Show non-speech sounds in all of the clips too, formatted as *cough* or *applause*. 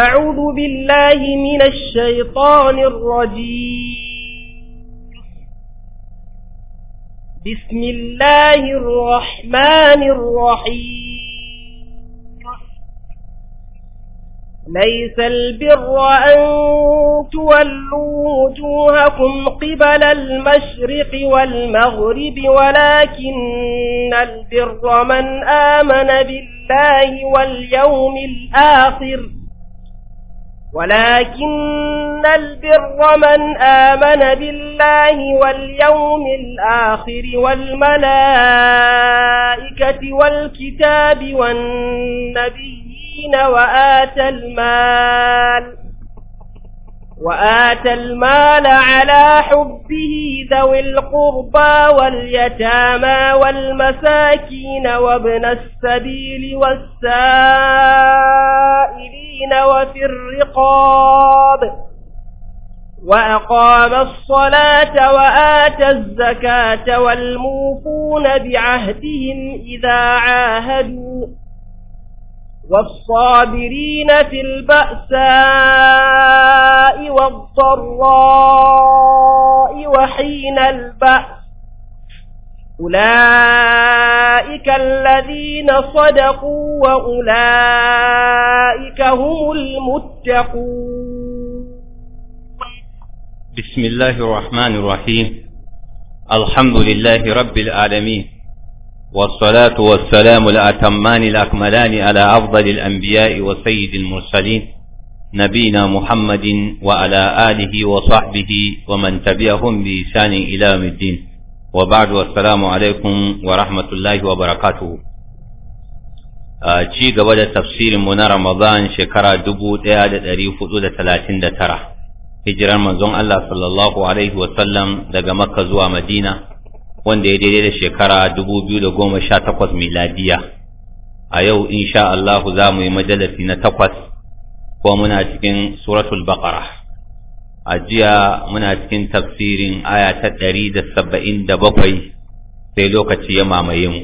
أعوذ بالله من الشيطان الرجيم بسم الله الرحمن الرحيم ليس البر أن تولوا وجوهكم قبل المشرق والمغرب ولكن البر من آمن بالله واليوم الآخر ولكن البر من آمن بالله واليوم الآخر والملائكة والكتاب والنبيين وآتى المال وآتى المال على حبه ذوي القربى واليتامى والمساكين وابن السبيل والسائلين وفي الرقاب وأقام الصلاة وآتى الزكاة والموفون بعهدهم إذا عاهدوا والصابرين في البأساء والضراء وحين البأس أولئك الذين صدقوا وأولئك هم المتقون بسم الله الرحمن الرحيم الحمد لله رب العالمين والصلاة والسلام الأتمان الأكملان على أفضل الأنبياء وسيد المرسلين نبينا محمد وعلى آله وصحبه ومن تبعهم بإسان إلى الدين وبعد والسلام عليكم ورحمة الله وبركاته ci gaba da tafsirinmu na Ramadan shekara 1439 hijirar manzon Allah sallallahu alaihi wasallam daga Makka zuwa Madina wanda ya daidai da shekara da goma sha 2018 miladiya a yau insha Allah za mu yi majalafi na takwas ko muna cikin suratul baqara a jiya muna cikin tafsirin aya ta 177 sai lokaci ya mamaye mu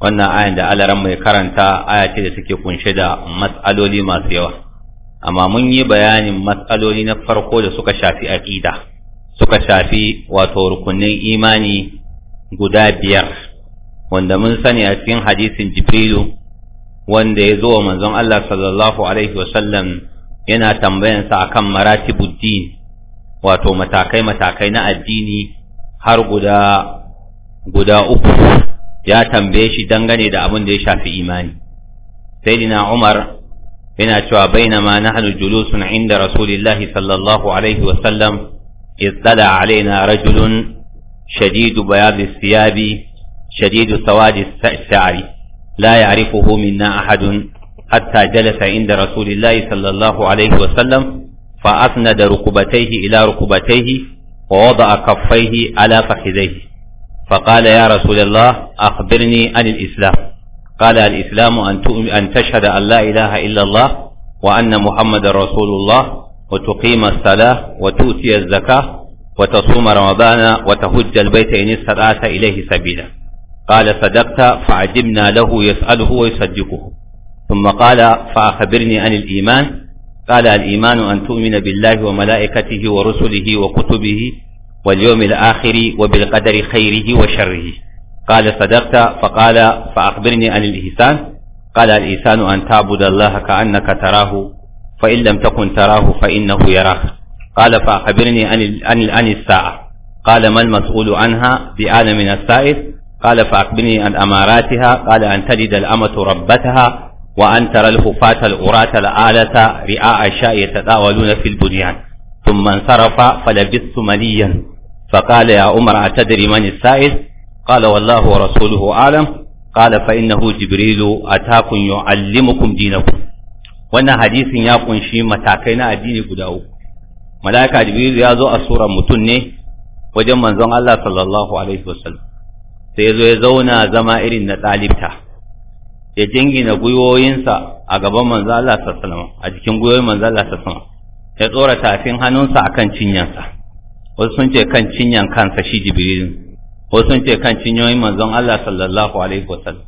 wannan ayan da alaran mai karanta aya ce da take kunshe da matsaloli masu yawa amma mun yi bayanin matsaloli na farko da suka shafi aƙida. suka shafi wato rukunin imani guda biyar wanda mun sani a cikin hadisin jibrilu wanda ya zo wa manzon Allah sallallahu alaihi wasallam yana tambayansa akan maratibud din wato matakai matakai na addini har guda guda uku ya tambaye shi dangane da abin da ya shafi imani sayyidina Umar yana cewa bainama nahnu julusun inda rasulillahi sallallahu alaihi wasallam إذ طلع علينا رجل شديد بياض الثياب شديد سواد الشعر لا يعرفه منا أحد حتى جلس عند رسول الله صلى الله عليه وسلم فأسند ركبتيه إلى ركبتيه ووضع كفيه على فخذيه فقال يا رسول الله أخبرني عن الإسلام قال الإسلام أن تشهد أن لا إله إلا الله وأن محمد رسول الله وتقيم الصلاة وتؤتي الزكاة وتصوم رمضان وتهج البيت إن استطعت إليه سبيلا قال صدقت فعجبنا له يسأله ويصدقه ثم قال فأخبرني عن الإيمان قال الإيمان أن تؤمن بالله وملائكته ورسله وكتبه واليوم الآخر وبالقدر خيره وشره قال صدقت فقال فأخبرني عن الإحسان قال الإحسان أن تعبد الله كأنك تراه فإن لم تكن تراه فإنه يراك قال فأخبرني عن عن الساعة قال ما المسؤول عنها بآل من السائل قال فأخبرني عن أماراتها قال أن تجد الأمة ربتها وأن ترى الخفاة العراة الآلة رعاء الشاء يتداولون في البنيان ثم انصرف فلبثت مليا فقال يا عمر أتدري من السائل قال والله ورسوله أعلم قال فإنه جبريل أتاكم يعلمكم دينكم wannan hadisin ya kunshi matakai na addini guda uku mala'ika jibril ya zo a sura mutum ne wajen manzon Allah sallallahu alaihi wasallam sai zo ya zauna zama irin na ɗalibta ya jingina guyoyinsa a gaban manzon Allah sallallahu alaihi wasallam a jikin guyoyin manzon Allah sallallahu alaihi wasallam ya tsora tafin hannunsa akan cinyansa wasu sun ce kan cinyan kansa shi jibril wasu sun ce kan cinyoyin manzon Allah sallallahu alaihi wasallam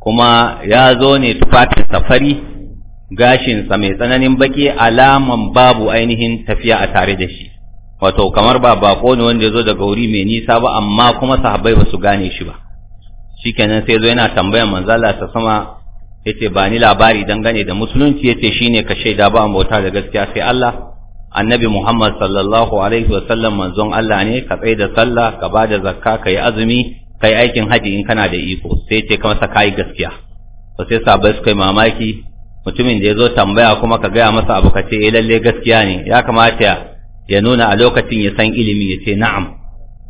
kuma ya zo ne tufafin safari gashinsa mai tsananin baki alaman babu ainihin tafiya a tare da shi wato kamar ba bako ne wanda ya zo daga wuri mai nisa ba amma kuma sahabbai ba su gane shi ba shikenan sai zo yana tambayan manzala ta sama yace ba ni labari gane da musulunci yace shine ka shaida ba bauta da gaskiya sai Allah annabi Muhammad sallallahu alaihi wa sallam manzon Allah ne ka tsai da sallah ka ba da zakka kai azumi kai aikin haji in kana da iko sai yace ka masa kai gaskiya to sai sahabbai suka yi mamaki mutumin da ya zo tambaya kuma ka gaya masa abu ka ce eh lalle gaskiya ne ya kamata ya nuna a lokacin ya san ilimi ya ce na'am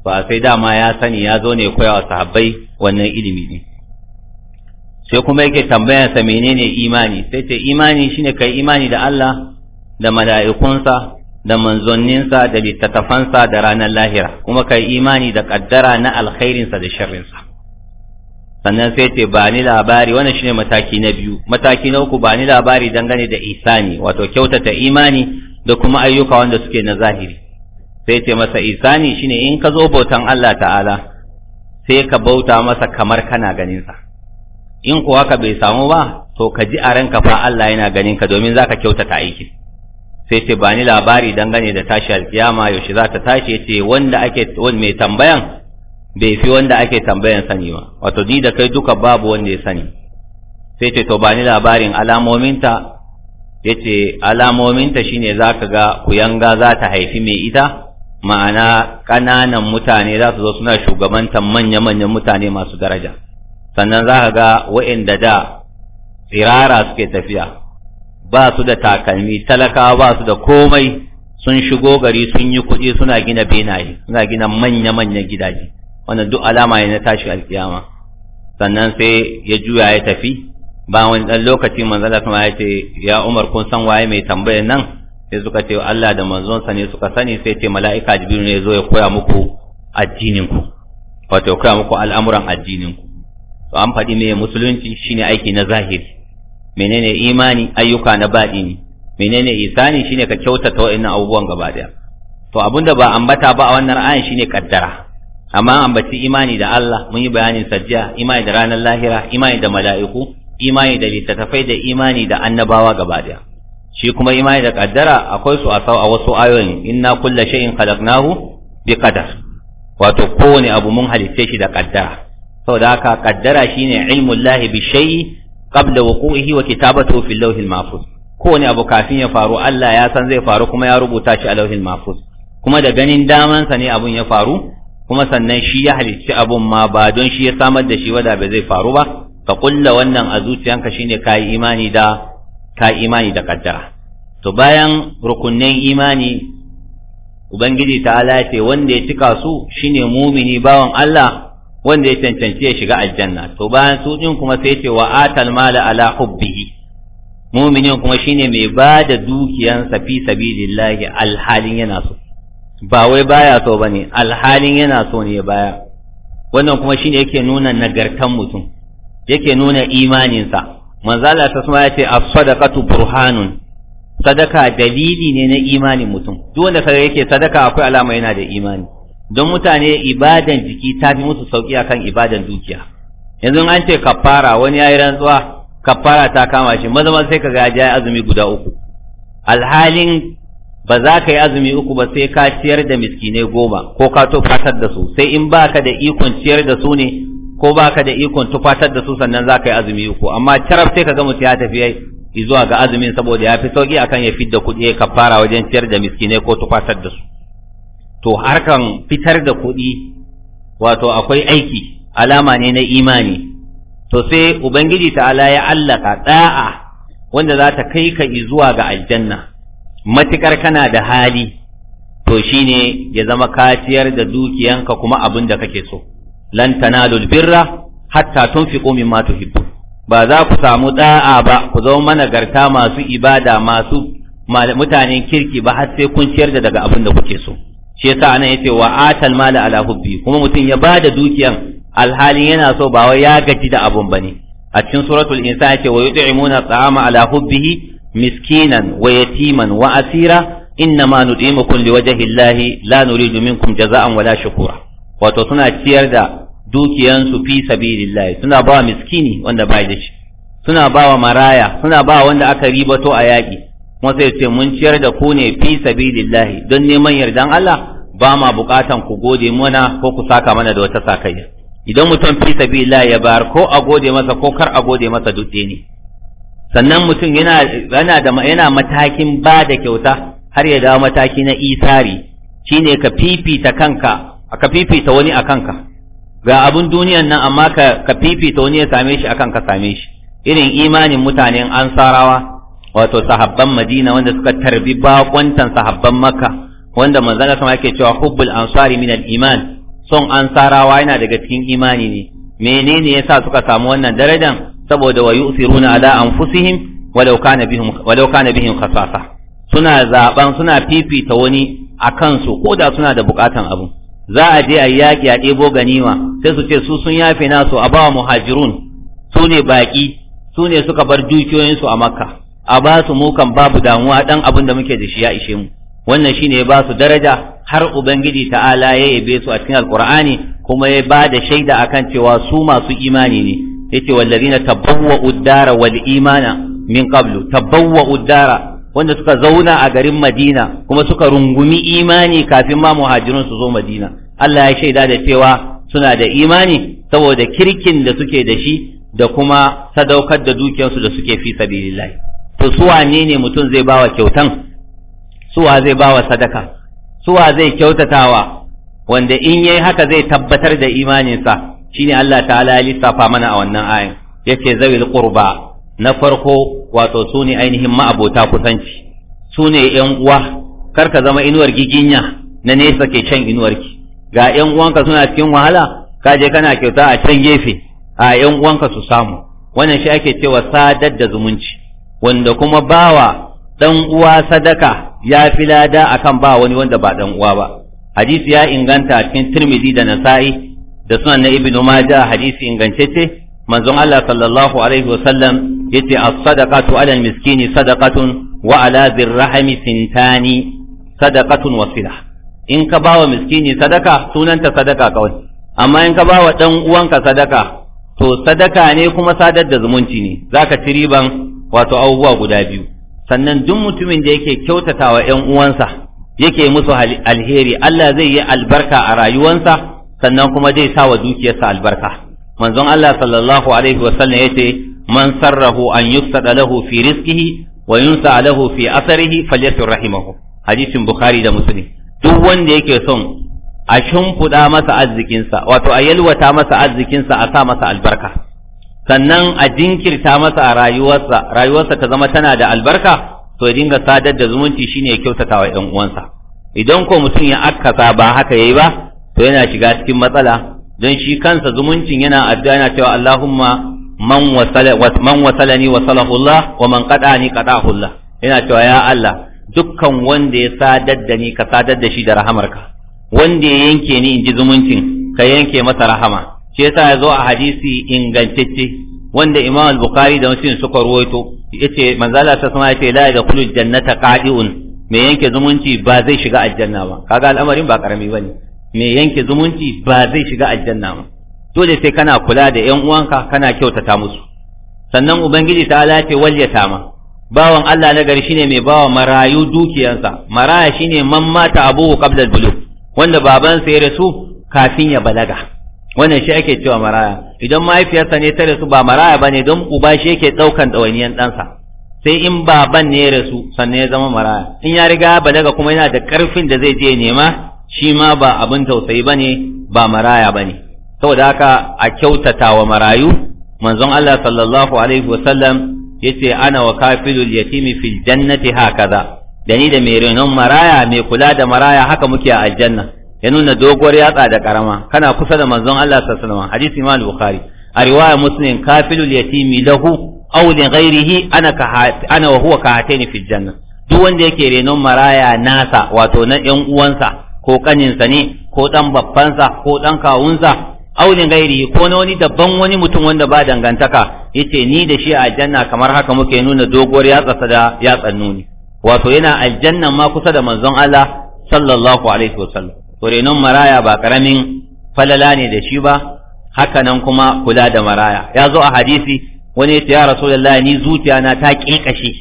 ba sai dama ya sani ya zo ne koya wa sahabbai wannan ilimi ne sai kuma yake tambayarsa menene imani sai ce imani shine kai imani da Allah da mala'ikunsa da manzanninsa da littattafansa da ranar lahira kuma kai imani da kaddara na alkhairinsa da sharrinsa sannan sai ce ba ni labari wannan shine mataki na biyu mataki na uku ba ni labari dangane da isani wato kyautata imani da kuma ayyuka wanda suke na zahiri sai ce masa isani shine in ka zo bautan Allah ta'ala sai ka bauta masa kamar kana ganin sa in kuwa ka bai samu ba to ka ji a ranka fa Allah yana ganin ka domin zaka kyautata aiki sai ce ba ni labari dangane da tashi alkiyama yaushe za ta tashi ce wanda ake mai tambayan bai fi wanda ake tambayan sani ba wato ni da kai duka babu wanda ya sani sai ce to ba ni labarin alamominta yace alamominta shi ne za ka ga kuyanga za ta haifi mai ita ma'ana ƙananan mutane za su zo suna shugabantar manya-manyan mutane masu daraja sannan za ka ga wa'inda da tsirara suke tafiya ba su da takalmi talakawa ba su da komai sun shigo gari sun yi kuɗi suna gina benaye suna gina manya-manyan gidaje wannan duk alama ne na tashi alkiyama sannan sai ya juya ya tafi ba wani dan lokaci manzon Allah kuma ya ce ya Umar kun san waye mai tambayar nan sai suka ce Allah da manzon sa ne suka sani sai ce mala'ika Jibril ne zo ya koya muku addinin ku wato ya koya muku al'amuran addinin ku to an faɗi me musulunci shine aiki na zahiri menene imani ayyuka na ne? menene isani shine ka kyautata wa'annan abubuwan gaba daya to abinda ba ambata ba a wannan ayan shine kaddara amma ambaci imani da Allah mun yi bayanin sajja imani da ranar lahira imani da mala'iku imani da littattafai da imani da annabawa gaba daya shi kuma imani da kaddara akwai su a sau a wasu ayoyin inna kulla shay'in khalaqnahu bi qadar wato kowane abu mun halitte shi da kaddara saboda haka kaddara shine ilmul lahi bi shay'i qabla wuqu'ihi wa kitabatuhu fil lawhil mahfuz kowane abu kafin ya faru Allah ya san zai faru kuma ya rubuta shi a lawhil mahfuz kuma da ganin damansa ne abun ya faru kuma sannan shi ya halicci abun ma ba don shi ya samar da shi wada bai zai faru ba ka kulla wannan a zuciyanka shine kai imani da kai imani da kaddara to bayan rukunnan imani ubangiji ta'ala ce wanda ya cika su shine mumini bawan Allah wanda ya cancanci ya shiga aljanna to bayan su din kuma sai ce wa atal mala ala hubbihi muminin kuma shine mai ba da dukiyansa fi sabilillahi alhalin yana so ba wai baya so bane alhalin yana so ne baya wannan kuma shine yake nuna nagartan mutum yake nuna imaninsa manzo Allah ta ce yace as-sadaqatu burhanun sadaka dalili ne na imanin mutum duk wanda kaga yake sadaka akwai alama yana da imani don mutane ibadan jiki ta fi musu sauki akan ibadan dukiya yanzu an ce kafara wani yayi rantsuwa kafara ta kama shi Mazaman maza sai kaga ya azumi guda uku alhalin ba za ka yi azumi uku ba sai ka ciyar da miskinai goma ko ka tufatar da su sai in baka da ikon ciyar da su ne ko baka da ikon tufatar da su sannan za ka yi azumi uku amma carab sai ka ga mutum ya tafi zuwa ga azumin saboda ya fi sauki akan ya fidda kuɗi ya kafara wajen ciyar da miskinai ko tufatar da su to harkan fitar da kuɗi wato akwai aiki alama ne na imani to sai ubangiji ta'ala ya allaka da'a wanda za ta kai ka zuwa ga aljanna matukar kana da hali to shine ya zama kaciyar da dukiyanka kuma abin da kake so lan tanalul birra hatta tunfiqu mimma tuhibbu ba za ku samu da'a ba ku zama managarta masu ibada masu mutanen kirki ba har sai kun ciyar da daga abin da kuke so shi yasa anan yace wa atal mala ala hubbi kuma mutum ya ba da dukiyan alhalin yana so ba wai ya gaji da abun bane a cikin suratul insa yace wa yud'imuna ta'ama ala hubbihi miskinan wa yatiman wa asira innama nud'imukum liwajhi llahi la nuridu minkum jaza'an wala shukura wato suna ciyar da dukiyansu fi sabilillahi suna ba miskini wanda bai da shi suna ba wa maraya suna ba wanda aka ribato a yaƙi kuma sai ce mun ciyar da ku ne fi sabilillahi don neman yardan Allah ba ma bukatan ku gode mana ko ku saka mana da wata sakayya idan mutum fi sabilillahi ya bar ko a gode masa ko kar a gode masa duk ne sannan mutum yana matakin ba da kyauta har ya dawo mataki na isari shine ka fifita kanka ka fifita wani a kanka ga abun duniyan nan amma ka fifita wani ya same shi akan ka same shi irin imanin mutanen ansarawa wato sahabban madina wanda suka tarbi bakwantan sahabban makka wanda manzon sama yake cewa hubbul ansari min al-iman son ansarawa yana daga cikin imani ne menene yasa suka samu wannan darajar saboda wa yu'thiruna ala anfusihim walau kana bihim walau kana bihim khasasa suna zaban suna fifita wani a kansu ko da suna da bukatan abu za a je a yaki a ɗebo ganima sai su ce su sun yafe nasu a bawa muhajirun su ne baƙi su ne suka bar dukiyoyinsu a makka a ba su mukan babu damuwa ɗan abin da muke da shi ya ishe mu wannan shine ba su daraja har ubangiji ta'ala ya yabe su a cikin alqur'ani kuma ya ba da shaida akan cewa su masu imani ne yace wallazina tabawwa uddara wal imana min qablu tabawwa uddara wanda suka zauna a garin Madina kuma suka rungumi imani kafin ma muhajirun su zo Madina Allah ya shaida da cewa suna da imani saboda kirkin da suke da shi da kuma sadaukar da dukiyarsu da suke fi sabilillahi to su wane ne mutum zai bawa kyautan suwa zai bawa sadaka suwa zai kyautatawa wanda in yayi haka zai tabbatar da imaninsa shine Allah ta'ala ya lissafa mana a wannan ayin yace zawil qurba na farko wato su ne ainihin ma'abota kusanci su ne yan uwa kar ka zama inuwar giginya na nesa ke can inuwarki ga yan uwanka suna cikin wahala ka je kana kyauta a can gefe a yan uwanka su samu wannan shi ake cewa sadar da zumunci wanda kuma bawa dan uwa sadaka ya fi lada akan ba wani wanda ba dan uwa ba hadisi ya inganta cikin Tirmidhi da Nasa'i da sunan na ibnu majah hadisi ingantacce manzon Allah sallallahu alaihi sallam yace as-sadaqatu 'ala al-miskini sadaqatun wa 'ala dhir-rahmi sintani sadaqatun wa silah in ka bawa miskini sadaka sunanta sadaka kawai amma in ka bawa dan uwanka sadaka to sadaka ne kuma sadar da zumunci ne zaka ci riban wato abubuwa guda biyu sannan duk mutumin da yake kyautatawa yan uwansa yake musu alheri Allah zai yi albarka a rayuwansa sannan kuma zai sa wa dukiyarsa albarka manzon Allah sallallahu alaihi wasallam yace man sarrahu an yusada lahu fi rizqihi wa yunsa lahu fi asarihi falyasir rahimahu hadisin bukhari da muslim duk wanda yake son a shimfiɗa masa arzikinsa wato a yalwata masa arzikinsa a sa masa albarka sannan a jinkirta masa a rayuwarsa rayuwarsa ta zama tana da albarka to ya dinga sadar da zumunci shine ya kyautata wa 'yan uwansa idan ko mutum ya akkasa ba haka yayi ba to yana shiga cikin matsala don shi kansa zumuncin yana addu'a yana cewa Allahumma man wasala man wasalani salahullah wa man qadani qadahullah yana cewa ya Allah dukkan wanda ya sadar da ni ka sadar da shi da rahamarka wanda ya yanke ni in ji zumuncin ka yanke masa rahama shi yasa ya zo a hadisi ingantacce wanda Imam al-Bukhari da Muslim suka ruwaito yace manzo Allah ta sama yace la yadkhulu jannata qadi'un mai yanke zumunci ba zai shiga aljanna ba kaga al'amarin ba karami bane mai yanke zumunci ba zai shiga aljanna ba dole sai kana kula da yan uwanka kana kyautata musu sannan ubangiji ta ce walyata ma bawan Allah na gari shine mai bawa marayu dukiyansa maraya shine mammata mata abuhu qabla al wanda babansa ya rasu kafin ya balaga wannan shi ake cewa maraya idan mahaifiyarsa ne ta rasu ba maraya bane don uba shi yake daukan dawaniyan ɗansa sai in baban ne ya rasu sannan ya zama maraya in ya riga balaga kuma yana da karfin da zai je nema shi ma ba abin tausayi bane ba maraya bane saboda haka a kyautata wa marayu manzon Allah sallallahu alaihi wasallam ce ana wa kafilul yatimi fil jannati hakaza da ni da mai renon maraya mai kula da maraya haka muke a aljanna ya nuna doguwar yatsa da karama kana kusa da manzon Allah sallallahu alaihi wasallam hadisi Imam Bukhari a riwaya Muslim kafilul yatimi lahu aw li ghairihi ana ka ana wa huwa ka fil janna duk wanda yake renon maraya nasa wato na yan uwansa ko kaninsa ne ko dan babbansa ko dan kawunsa aunin gairi ko na wani dabban wani mutum wanda ba dangantaka yace ni da shi a aljanna kamar haka muke nuna doguwar yatsa da yatsan nuni wato yana aljanna ma kusa da manzon Allah sallallahu alaihi wasallam to renon maraya ba karamin falala ne da shi ba haka nan kuma kula da maraya ya zo a hadisi wani ya ce ya rasulullahi ni zuciya na ta kinkashe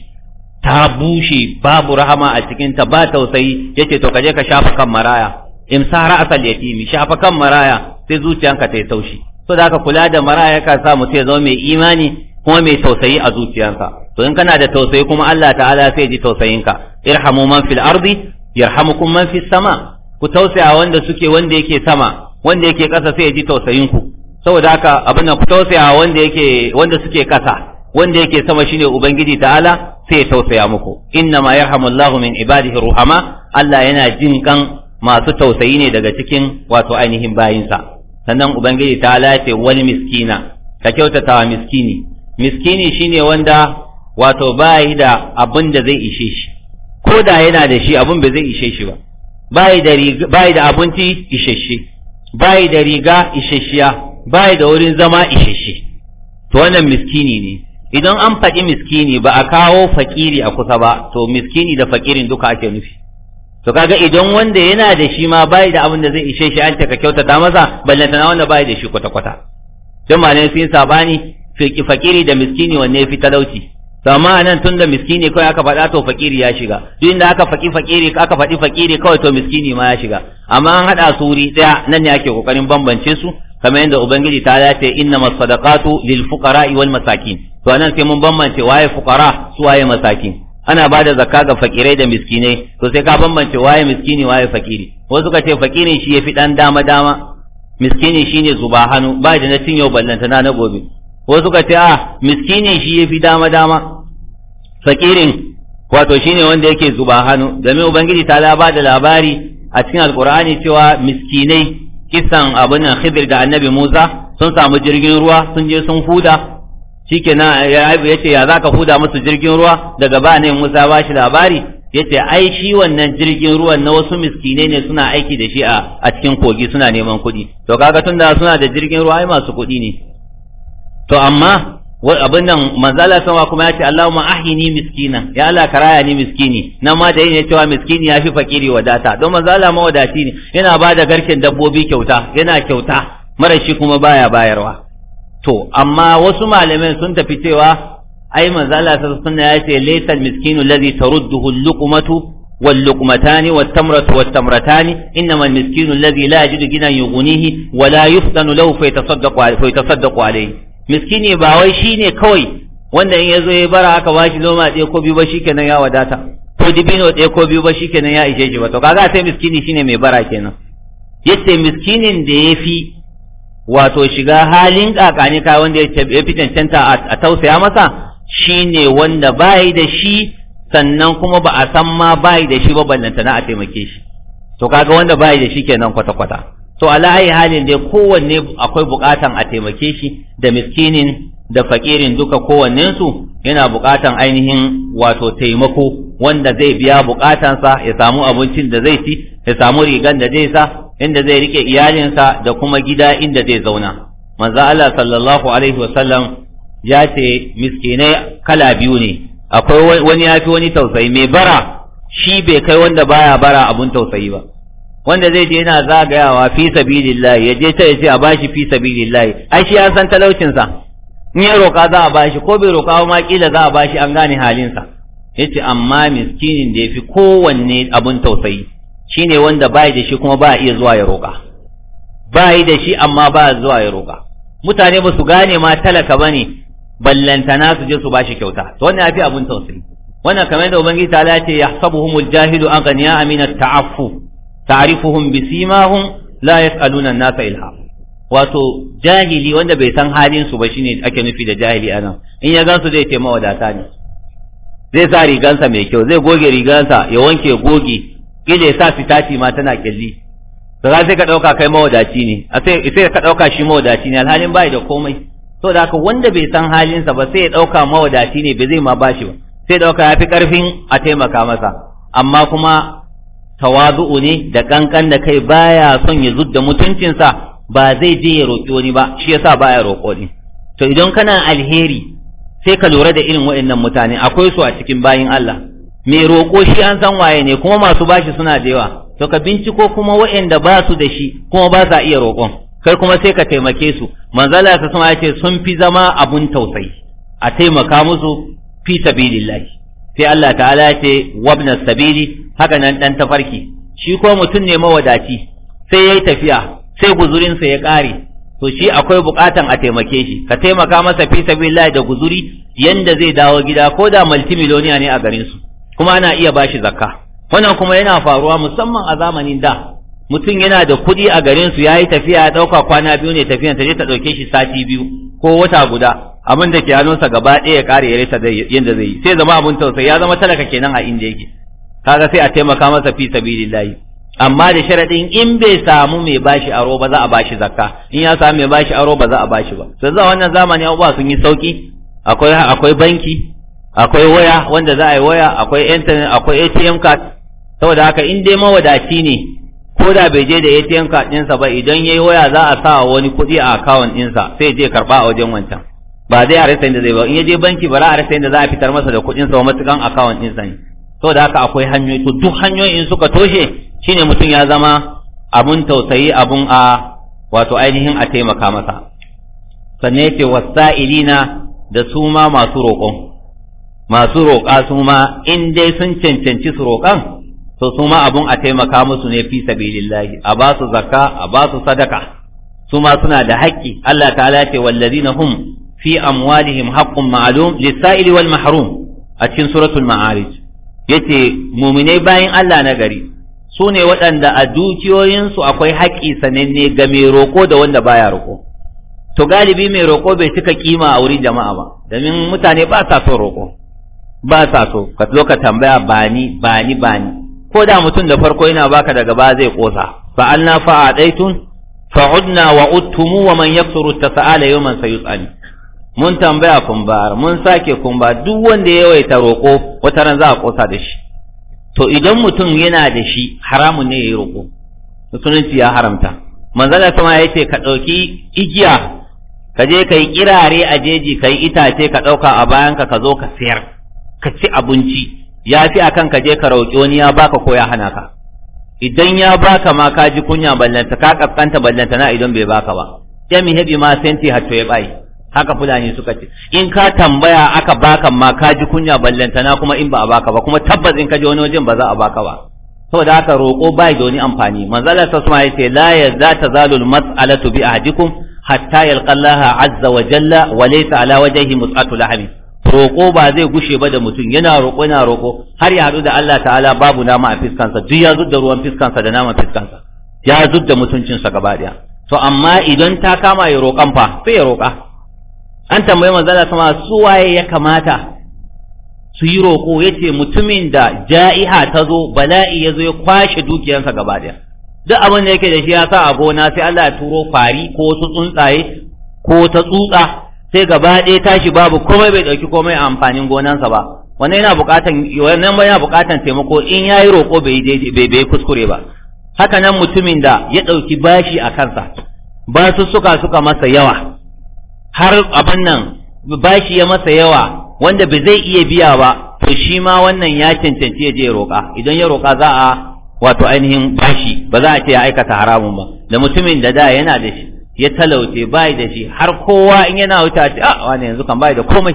ta bushe babu rahama a cikin ta ba tausayi yace to kaje ka shafa kan maraya in sa ra'asal yatimi shafa kan maraya sai zuciyanka ta yi taushi so da ka kula da maraya ka sa mutum ya zama mai imani kuma mai tausayi a zuciyansa to in kana da tausayi kuma Allah ta'ala sai ji tausayinka irhamu man fil ardi yarhamukum man fis sama ku tausaya wanda suke wanda yake sama wanda yake kasa sai ya ji tausayinku saboda haka abin nan ku tausaya wanda yake wanda suke kasa wanda yake sama shine ubangiji ta'ala sai ya tausaya muku inna ma yarhamullahu min ibadihi ruhama Allah yana jin kan masu tausayi ne daga cikin wato ainihin bayinsa sannan ubangiji ta'ala ya ce wal miskina ka kyautata wa miskini miskini shine wanda wato bayi da abin da zai ishe shi ko da yana da shi abin ba zai ishe shi ba bayi da bayi da abinci isheshe bayi da riga isheshiya bayi da wurin zama isheshe to wannan miskini ne idan an faɗi miskini ba a kawo fakiri a kusa ba to miskini da fakirin duka ake nufi to kaga idan wanda yana da shi ma bai da abin da zai ishe shi an ka kyautata masa na wanda bai da shi kwata kwata don malamai sun sabani fakiri da miskini wanne ya fi talauci to amma nan tun da miskini kawai aka faɗa to fakiri ya shiga duk inda aka faɗi fakiri aka faɗi fakiri kawai to miskini ma ya shiga amma an haɗa su wuri ɗaya nan ne ake kokarin bambance su kamar yadda ubangiji ta dace innamas sadaqatu lil fuqara wal masakin to anan sai mun bambance waye fuqara su waye masakin ana ba da zakka ga fakirai da miskinai to sai ka bambance waye miskini waye fakiri wasu suka ce fakiri shi yafi dan dama dama miskini shine zuba hannu ba da na cinyo ballanta na gobe wasu suka ce a ah, miskini shi yafi dama dama fakirin wato shine wanda yake zuba hannu domin ubangiji ta ba da labari a cikin alqur'ani cewa miskinai kisan abin nan khidir da annabi musa sun samu jirgin ruwa sun je sun huda shikenan ya ce ya za ka huda musu jirgin ruwa daga ba ne musa ba shi labari yace ai shi wannan jirgin ruwan na wasu miskinai ne suna aiki da shi a cikin kogi suna neman kuɗi to kaga tun da suna da jirgin ruwa ai masu kuɗi ne to amma abin nan manzala sama kuma ya ce Allahumma ahini miskina ya Allah ka ni miskini na ma da yin cewa miskini ya fi fakiri wadata don manzala ma wadati ne yana ba da garken dabbobi kyauta yana kyauta mara shi kuma baya bayarwa to amma wasu malamai sun tafi cewa ai manzala ta sunna ya ce laysal miskinu alladhi tarudduhu al-luqmatu واللقمتان والتمرة والتمرتان إنما المسكين الذي لا يجد غنى يغنيه ولا يفتن fa yatasaddaqu alayhi miskini ba wai shine kawai wanda in yazo ya bara aka bashi zoma ɗaya ko biyu ba kenan ya wadata ko dibino ɗaya ko biyu ba kenan ya ishe shi ba to kaga sai miskini shine mai bara kenan yace miskinin da ya fi wato shiga halin kakani ka wanda ya fi cancanta a tausaya masa shine wanda bayi da shi sannan kuma ba a san ma bayi da shi ba ballantana a taimake shi to kaga wanda bayi da shi kenan kwata kwata to ala ayi halin dai kowanne akwai bukatan a taimake shi da miskinin da fakirin duka kowannensu yana bukatan ainihin wato taimako wanda zai biya bukatansa ya samu abincin da zai ci ya samu rigan da zai sa inda zai rike iyalinsa da kuma gida inda zai zauna manzo Allah sallallahu alaihi wasallam ya ce miskinai kala biyu ne akwai wani yafi wani tausayi mai bara shi bai kai wanda baya bara abun tausayi ba wanda zai je yana zagayawa fi sabilillah ya je ta yace a bashi fi sabilillah ai shi ya san talaucin sa in ya roka za a bashi ko bai roka ma kila za a bashi an gane halin sa yace amma miskinin da yafi kowanne abun tausayi shine wanda bai da shi kuma ba iya zuwa ya roka bai da shi amma ba zuwa ya roka mutane ba su gane ma talaka bane ballantana su je su bashi kyauta to wannan yafi abun tausayi wannan kamar da ubangiji ta ce yahsabuhumul jahilu aghniya min at-ta'affuf ta'rifuhum bisimahum la yas'aluna an-nasa ilha wato jahili wanda bai san halin su ba shine ake nufi da jahili anan in ya gansu zai ce mawadata ne zai sa rigansa mai kyau zai goge rigansa ya wanke goge kila ya sa fitati ma tana kyalli to za sai ka dauka kai mawadaci ne a sai sai ka dauka shi mawadaci ne alhalin bai da komai to da haka wanda bai san halin sa ba sai ya dauka mawadaci ne bai zai ma bashi ba sai dauka yafi karfin a taimaka masa amma kuma tawazu'u ne da kankan da kai baya son ya zudda mutuncinsa ba zai je ya roƙi wani ba shi yasa baya roƙo ne to idan kana alheri sai ka lura da irin waɗannan mutane akwai su a cikin bayin Allah mai roƙo shi an san waye ne kuma masu bashi suna da yawa to ka binciko kuma waɗanda ba su da shi kuma ba za iya roƙon kai kuma sai ka taimake su manzala ta sama ya ce sun fi zama abun tausayi a taimaka musu fi sabilillahi sai Allah ta'ala ya ce wabna sabili haka nan dan tafarki shi ko mutum ne mawadaci sai yayi tafiya sai guzurinsa ya kare to shi akwai buƙatan a taimake shi ka taimaka masa fi sabilillah da guzuri yanda zai dawo gida ko da multimillionaire ne a garin su kuma ana iya bashi zakka wannan kuma yana faruwa musamman a zamanin da mutum yana da kuɗi a garin su yayi tafiya ya ɗauka kwana biyu ne tafiyan ta je ta ɗauke shi sati biyu ko wata guda abin da ke hannunsa gaba ɗaya ya kare ya rasa yadda zai yi sai zama abin tausayi ya zama talaka kenan a inda yake kaga sai a taimaka masa fi sabilillahi amma da sharaɗin in bai samu mai bashi aro ba za a bashi zakka in ya samu mai bashi aro ba za a bashi ba sai zuwa wannan zamani abubuwa sun yi sauki akwai akwai banki akwai waya wanda za a yi waya akwai internet akwai ATM card saboda haka in dai mawadaci ne ko da bai je da ATM card ɗinsa ba idan yayi waya za a sa wani kuɗi a account ɗinsa sai je karba a wajen wancan ba zai a rasa inda zai ba in ya je banki ba za a rasa inda za a fitar masa da kuɗin sa matukan account ɗinsa ne to da haka akwai hanyoyi to duk hanyoyin suka toshe shine mutum ya zama abun tausayi abun a wato ainihin a taimaka masa ce wasa wasa'ilina da su ma masu roƙon masu roƙa su ma in dai sun cancanci su roƙan to su ma abun a taimaka musu ne fi sabilillahi a ba su zakka a ba su sadaka su ma suna da haƙƙi Allah ta'ala ce wallazina hum fi amwalihim haqqun ma'lum lis-sa'ili wal mahrum a cikin suratul ma'arij yace muminai bayan Allah na gari su ne waɗanda a dukiyoyinsu akwai haƙƙi sananne ga mai roƙo da wanda baya roƙo to galibi mai roƙo bai cika kima a wurin jama'a ba domin mutane ba sa so roƙo ba sa so ka ka tambaya bani bani bani ko da mutum da farko yana baka da gaba zai kosa fa anna fa adaitun fa udna wa uttumu wa man yaksuru tasala yawman sayus'al mun tambaya kun mun sake kun duk wanda ya yawaita roƙo wata ran za a kosa da shi to idan mutum yana da shi haramun ne ya yi roƙo musulunci ya haramta da sama ya ce ka ɗauki igiya ka je ka yi kirare a jeji ka yi itace ka ɗauka a bayanka ka zo ka sayar ka ci abinci ya fi a kan ka je ka roƙi wani ya baka ko ya hana ka idan ya baka ma ka ji kunya ballanta ka ƙasƙanta ballanta na idan bai baka ba ya mi ma senti hatto ya bai haka fulani suka ce in ka tambaya aka baka ma ka ji kunya ballantana kuma in ba a baka ba kuma tabbas in ka ji wani wajen ba za a baka ba saboda haka roƙo ba da wani amfani manzala ta suma ce la ta tazalul mas'alatu bi ahdikum hatta yalqallaha azza wa jalla wa laysa ala wajhihi mus'atu lahmi roƙo ba zai gushe ba da mutum yana roƙo yana roƙo har ya haɗu da Allah ta'ala babu nama a fiskansa duk ya zudda ruwan fiskansa da nama fiskansa ya zudda mutuncinsa gaba ɗaya to amma idan ta kama ya roƙan fa sai ya roƙa an tambayi manzala sama su waye ya kamata su yi roƙo yace mutumin da ja'iha ta zo bala'i ya zo ya kwashe dukiyansa gaba ɗaya duk abin da yake da shi ya sa a gona sai Allah ya turo kwari ko wasu tsuntsaye ko ta tsutsa sai gaba ɗaya tashi babu komai bai ɗauki komai a amfanin gonansa ba wannan yana buƙatan wannan ba yana buƙatan taimako in yayi roƙo bai bai bai kuskure ba haka nan mutumin da ya ɗauki bashi a kansa basu suka suka masa yawa har abin nan bashi ya masa yawa wanda ba zai iya biya ba to shi ma wannan ya cancanci ya je ya roƙa idan ya roƙa za a wato ainihin bashi ba za a ce ya aikata haramun ba da mutumin da da yana da shi ya talauce bai da shi har kowa in yana wuta ce a ah, wani yanzu kan bai da komai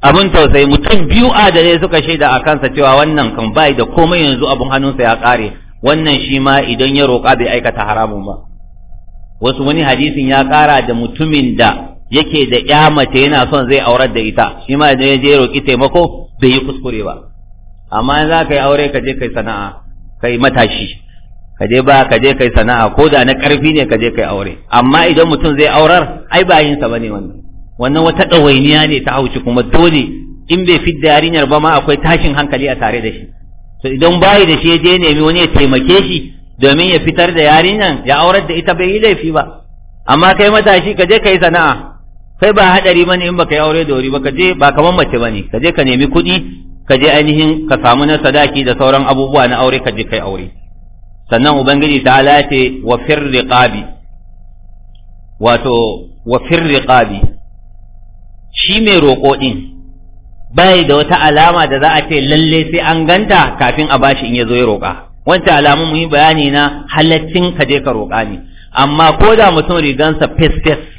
abin tausayi mutum biyu ne suka shaida a kansa cewa wannan kan bai da komai yanzu abin hannunsa ya kare wannan shi ma idan ya roƙa bai aikata haramun ba wasu wani hadisin ya ƙara da mutumin da yake da ya mace yana son zai aurar da ita shi ma idan ya je roƙi taimako bai yi kuskure ba amma za ka yi aure ka je kai sana'a kai matashi ka je ba ka je kai sana'a ko da na ƙarfi ne ka je kai aure amma idan mutum zai aurar ai ba yin sa bane wannan wannan wata ɗawainiya ne ta hauci kuma dole in bai fidda yarinyar ba ma akwai tashin hankali a tare da shi to idan bayi da shi ya je nemi wani ya taimake shi domin ya fitar da yarinyar ya aurar da ita bai yi laifi ba amma kai matashi ka je kai sana'a kai ba hadari bane in baka yi aure da wuri ba ka je ba kaman mace bane ka je ka nemi kuɗi ka je ainihin ka samu na sadaki da sauran abubuwa na aure ka je kai aure sannan ubangiji ta ce wa firriqabi wato wa firriqabi shi mai roƙo din bai da wata alama da za a ce lalle sai an ganta kafin a bashi in ya zo ya roƙa wancan alamun mu bayani na halaccin ka je ka roƙa ne amma ko da mutum rigansa fes fes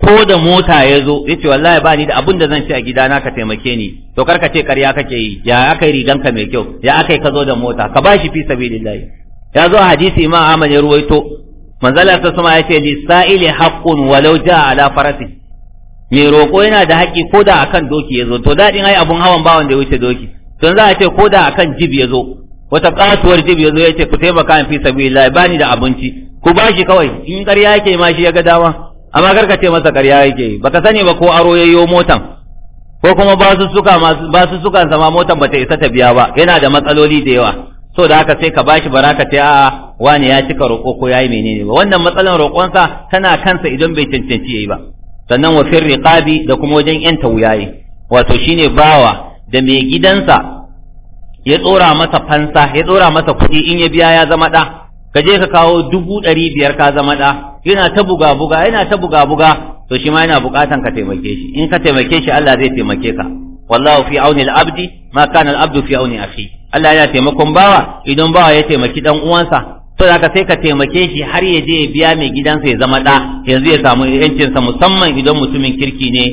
ko da mota ya zo ya ce wallahi ba ni da abun da zan ci a gidana ka taimake ni to kar ka ce karya kake yi ya aka yi riganka mai kyau ya aka yi ka zo da mota ka ba shi fi sabilillahi ya zo a hadisi ma ahmad ya ruwaito manzala ta sama ya ce lisa'ili haqqun walau jaa ala farasi mai roƙo yana da haƙƙi ko da akan doki ya zo to daɗin ai abun hawan ba wanda ya wuce doki don za a ce ko da akan jib ya zo wata katuwar jib ya zo ya ce ku taimaka in fi sabilillahi ba ni da abinci ku ba shi kawai in ƙarya yake ma shi ya ga dama amma ka ce masa ƙarya yake baka sani ba ko aro yayyo motan ko kuma basu suka zama suka sama motan bata isa ta biya ba yana da matsaloli da yawa so da haka sai ka bashi baraka ta a wani ya cika roƙo ko yayi menene ba wannan matsalan roƙonsa tana kansa idan bai cancanci yayi ba sannan wa fir riqabi da kuma wajen yan tawuyaye wato shine bawa da mai gidansa ya tsora masa fansa ya tsora masa kuɗi in ya biya ya zama ɗa ka je ka kawo dubu ɗari biyar ka zama ɗa yana ta buga buga yana ta buga buga to shi ma yana buƙatan ka taimake shi in ka taimake shi Allah zai taimake ka wallahu fi auni al-abdi ma kana al-abdu fi auni akhi Allah yana taimakon bawa idan bawa ya taimaki dan uwansa to zaka sai ka taimake shi har ya je ya biya mai gidansa ya zama ɗa, yanzu ya samu yancinsa musamman idan mutumin kirki ne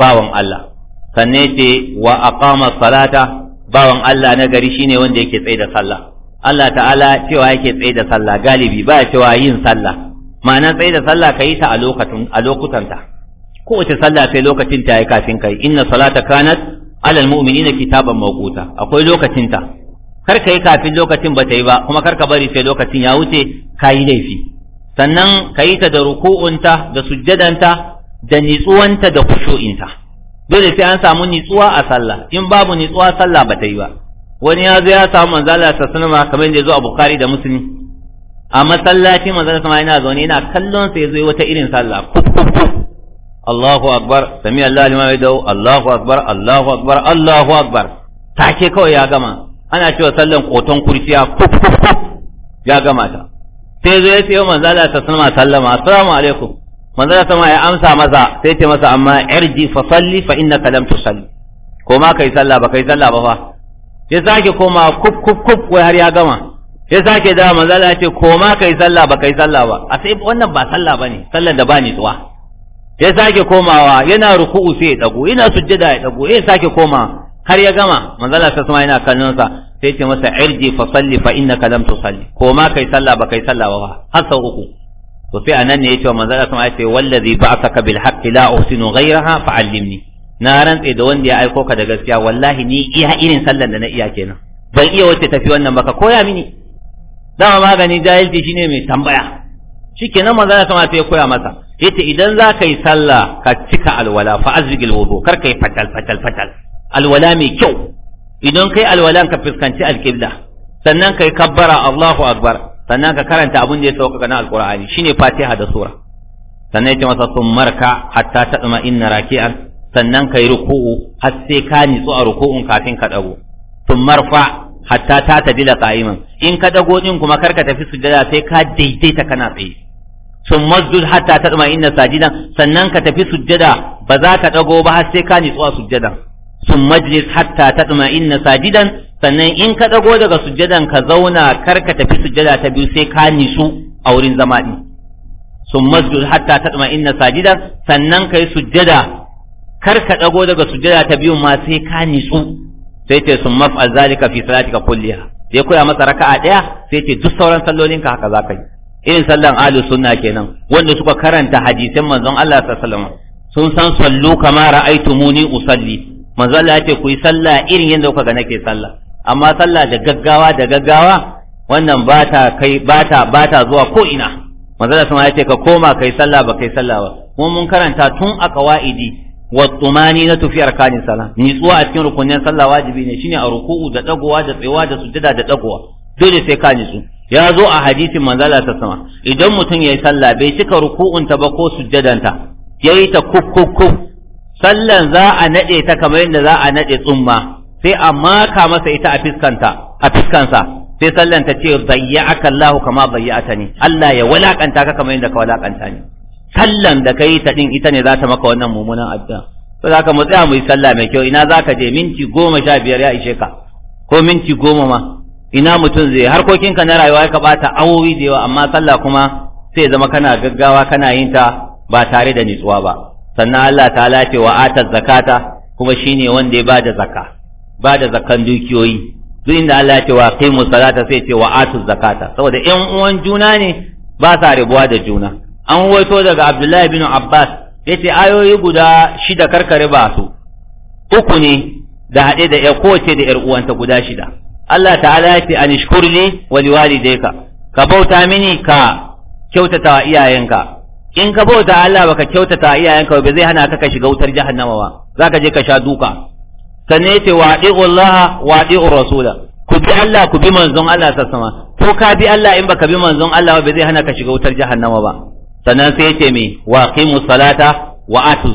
bawan Allah sanne ce wa aqama salata bawan Allah na gari shine wanda yake tsaye da sallah Allah ta'ala cewa yake tsaye da sallah galibi ba cewa yin sallah ma'ana tsaye da sallah ka yi ta a lokacin a lokutanta kowace sallah sai lokacin ta yi kafin kai inna salata kanat alal mu'minina kitaban mawquta akwai lokacin ta kar ka yi kafin lokacin ba ta yi ba kuma kar ka bari sai lokacin ya wuce ka yi laifi sannan ka yi ta da ruku'unta da sujjadanta da nitsuwanta da kushu'inta dole sai an samu nitsuwa a sallah in babu nitsuwa sallah ba ta yi ba wani ya zo ya samu manzo Allah sallama kamar yadda zo a Bukhari da Muslim a masallaci manzo Allah yana zaune yana kallon sa yazo wata irin sallah Allahu akbar sami Allah liman yadau Allahu akbar Allahu akbar Allahu akbar take kawai ya gama ana cewa sallan koton kurciya ya gama ta sai zo ya ce manzo Allah sallama sallama assalamu alaikum manzo Allah ya amsa masa sai ce masa amma irji fa salli fa innaka lam tusalli ko ma kai sallah ba kai sallah ba fa ya sake koma kuf kuf kuf wai har ya gama ya sake da manzo Allah ya ce koma kai sallah ba kai sallah ba a sai wannan ba sallah bane sallar da ba ni tsuwa ya sake komawa yana ruku'u sai ya dago yana sujjada ya dago ya sake koma har ya gama manzo Allah sai yana kallon sa sai ce masa irji fa salli fa innaka lam tusalli koma kai sallah ba kai sallah ba har sau uku to sai anan ne yace manzo Allah sai ya ce wallazi ba'athaka bil haqqi la uhsinu ghayraha fa'allimni na rantse da wanda ya aiko ka da gaskiya wallahi ni iya irin sallan da na iya kenan ban iya wacce tafi wannan baka koya mini dama magani jahilci shine mai tambaya shikenan manzo Allah sama ya koya masa yace idan za ka yi sallah ka cika alwala fa azgil wudu kar yi fatal fatal fatal alwala mai kyau idan kai alwalan ka fuskanci alqibla sannan kai kabbara Allahu akbar sannan ka karanta abin da ya sauka na alqur'ani shine fatiha da sura sannan yace masa summarka hatta tadma inna raki'an sannan kai ruku'u har sai ka nitsu a ruku'un kafin ka dago tun marfa hatta ta tabila qa'iman in ka dago din kuma kar ka tafi sujada sai ka daidaita kana tsaye sun masjud hatta ta tsuma inna sajidan sannan ka tafi sujada ba za ka dago ba har sai ka a sujjadan sun majlis hatta ta tsuma inna sajidan sannan in ka dago daga sujadan ka zauna kar ka tafi sujada ta biyu sai ka nitsu a wurin zama din sun masjud hatta ta tsuma inna sajidan sannan ka yi sujada. kar ka dago daga sujada ta biyun ma sai ka nitsu sai ce sun maf zalika fi salatika kulliya sai koya masa raka'a daya sai ce duk sauran sallolinka haka za ka yi irin sallan ahlu sunna kenan wanda suka karanta hadisin manzon Allah sallallahu alaihi wasallam sun san sallu kama ra'aytumuni usalli manzon Allah ce ku yi sallah irin yadda kuka ga nake sallah amma sallah da gaggawa da gaggawa wannan ba ta kai ba ta ba ta zuwa ko ina manzon Allah ya ce ka koma kai sallah ba kai sallah ba mun mun karanta tun a qawaidi wa tumaninatu fi arkanin sala nitsuwa a cikin rukunin sallah wajibi ne shine a ruku'u da dagowa da tsayawa da sujjada da dagowa dole sai ka nitsu ya zo a hadisin manzala ta sama idan mutum ya yi sallah bai cika ruku'unta ba ko sujjadanta yayi ta kukkukku sallan za a nade ta kamar yadda za a nade tsumma sai a maka masa ita a fiskanta a sai sallan ta ce zayya'aka Allahu kama zayya'atani Allah ya walakanta ka kamar yadda ka walakanta ni sallan da kai ta din ita ne za ta maka wannan mummunan addu'a to za ka mu mu yi sallah mai kyau ina za ka je minti goma sha biyar ya ishe ka ko minti goma ma ina mutum zai harkokinka na rayuwa ka bata awowi da yawa amma sallah kuma sai zama kana gaggawa kana yin ta ba tare da nitsuwa ba sannan Allah ta'ala ce wa atar zakata kuma shine wanda ya bada zakka bada zakkan dukiyoyi duk inda Allah ya ce wa qimu salata sai ce wa atu zakata saboda 'yan uwan juna ne ba sa rabuwa da juna an wato daga abdullahi bin abbas yace ayoyi guda shida karkare ba su uku ne da haɗe da ƴar kowace da ƴar uwanta guda shida Allah ta'ala ya ce anishkurli wa liwalidayka ka ka bauta mini ka kyautata wa iyayenka in ka bauta Allah baka kyautata wa iyayenka ba zai hana ka ka shiga wutar jahannama ba za ka je ka sha duka sannan yace wa Allah wa adi'ur rasula ku bi Allah ku bi manzon Allah sassama ko ka bi Allah in baka bi manzon Allah ba zai hana ka shiga wutar jahannama ba sannan sai ce mai wa qimu salata wa atu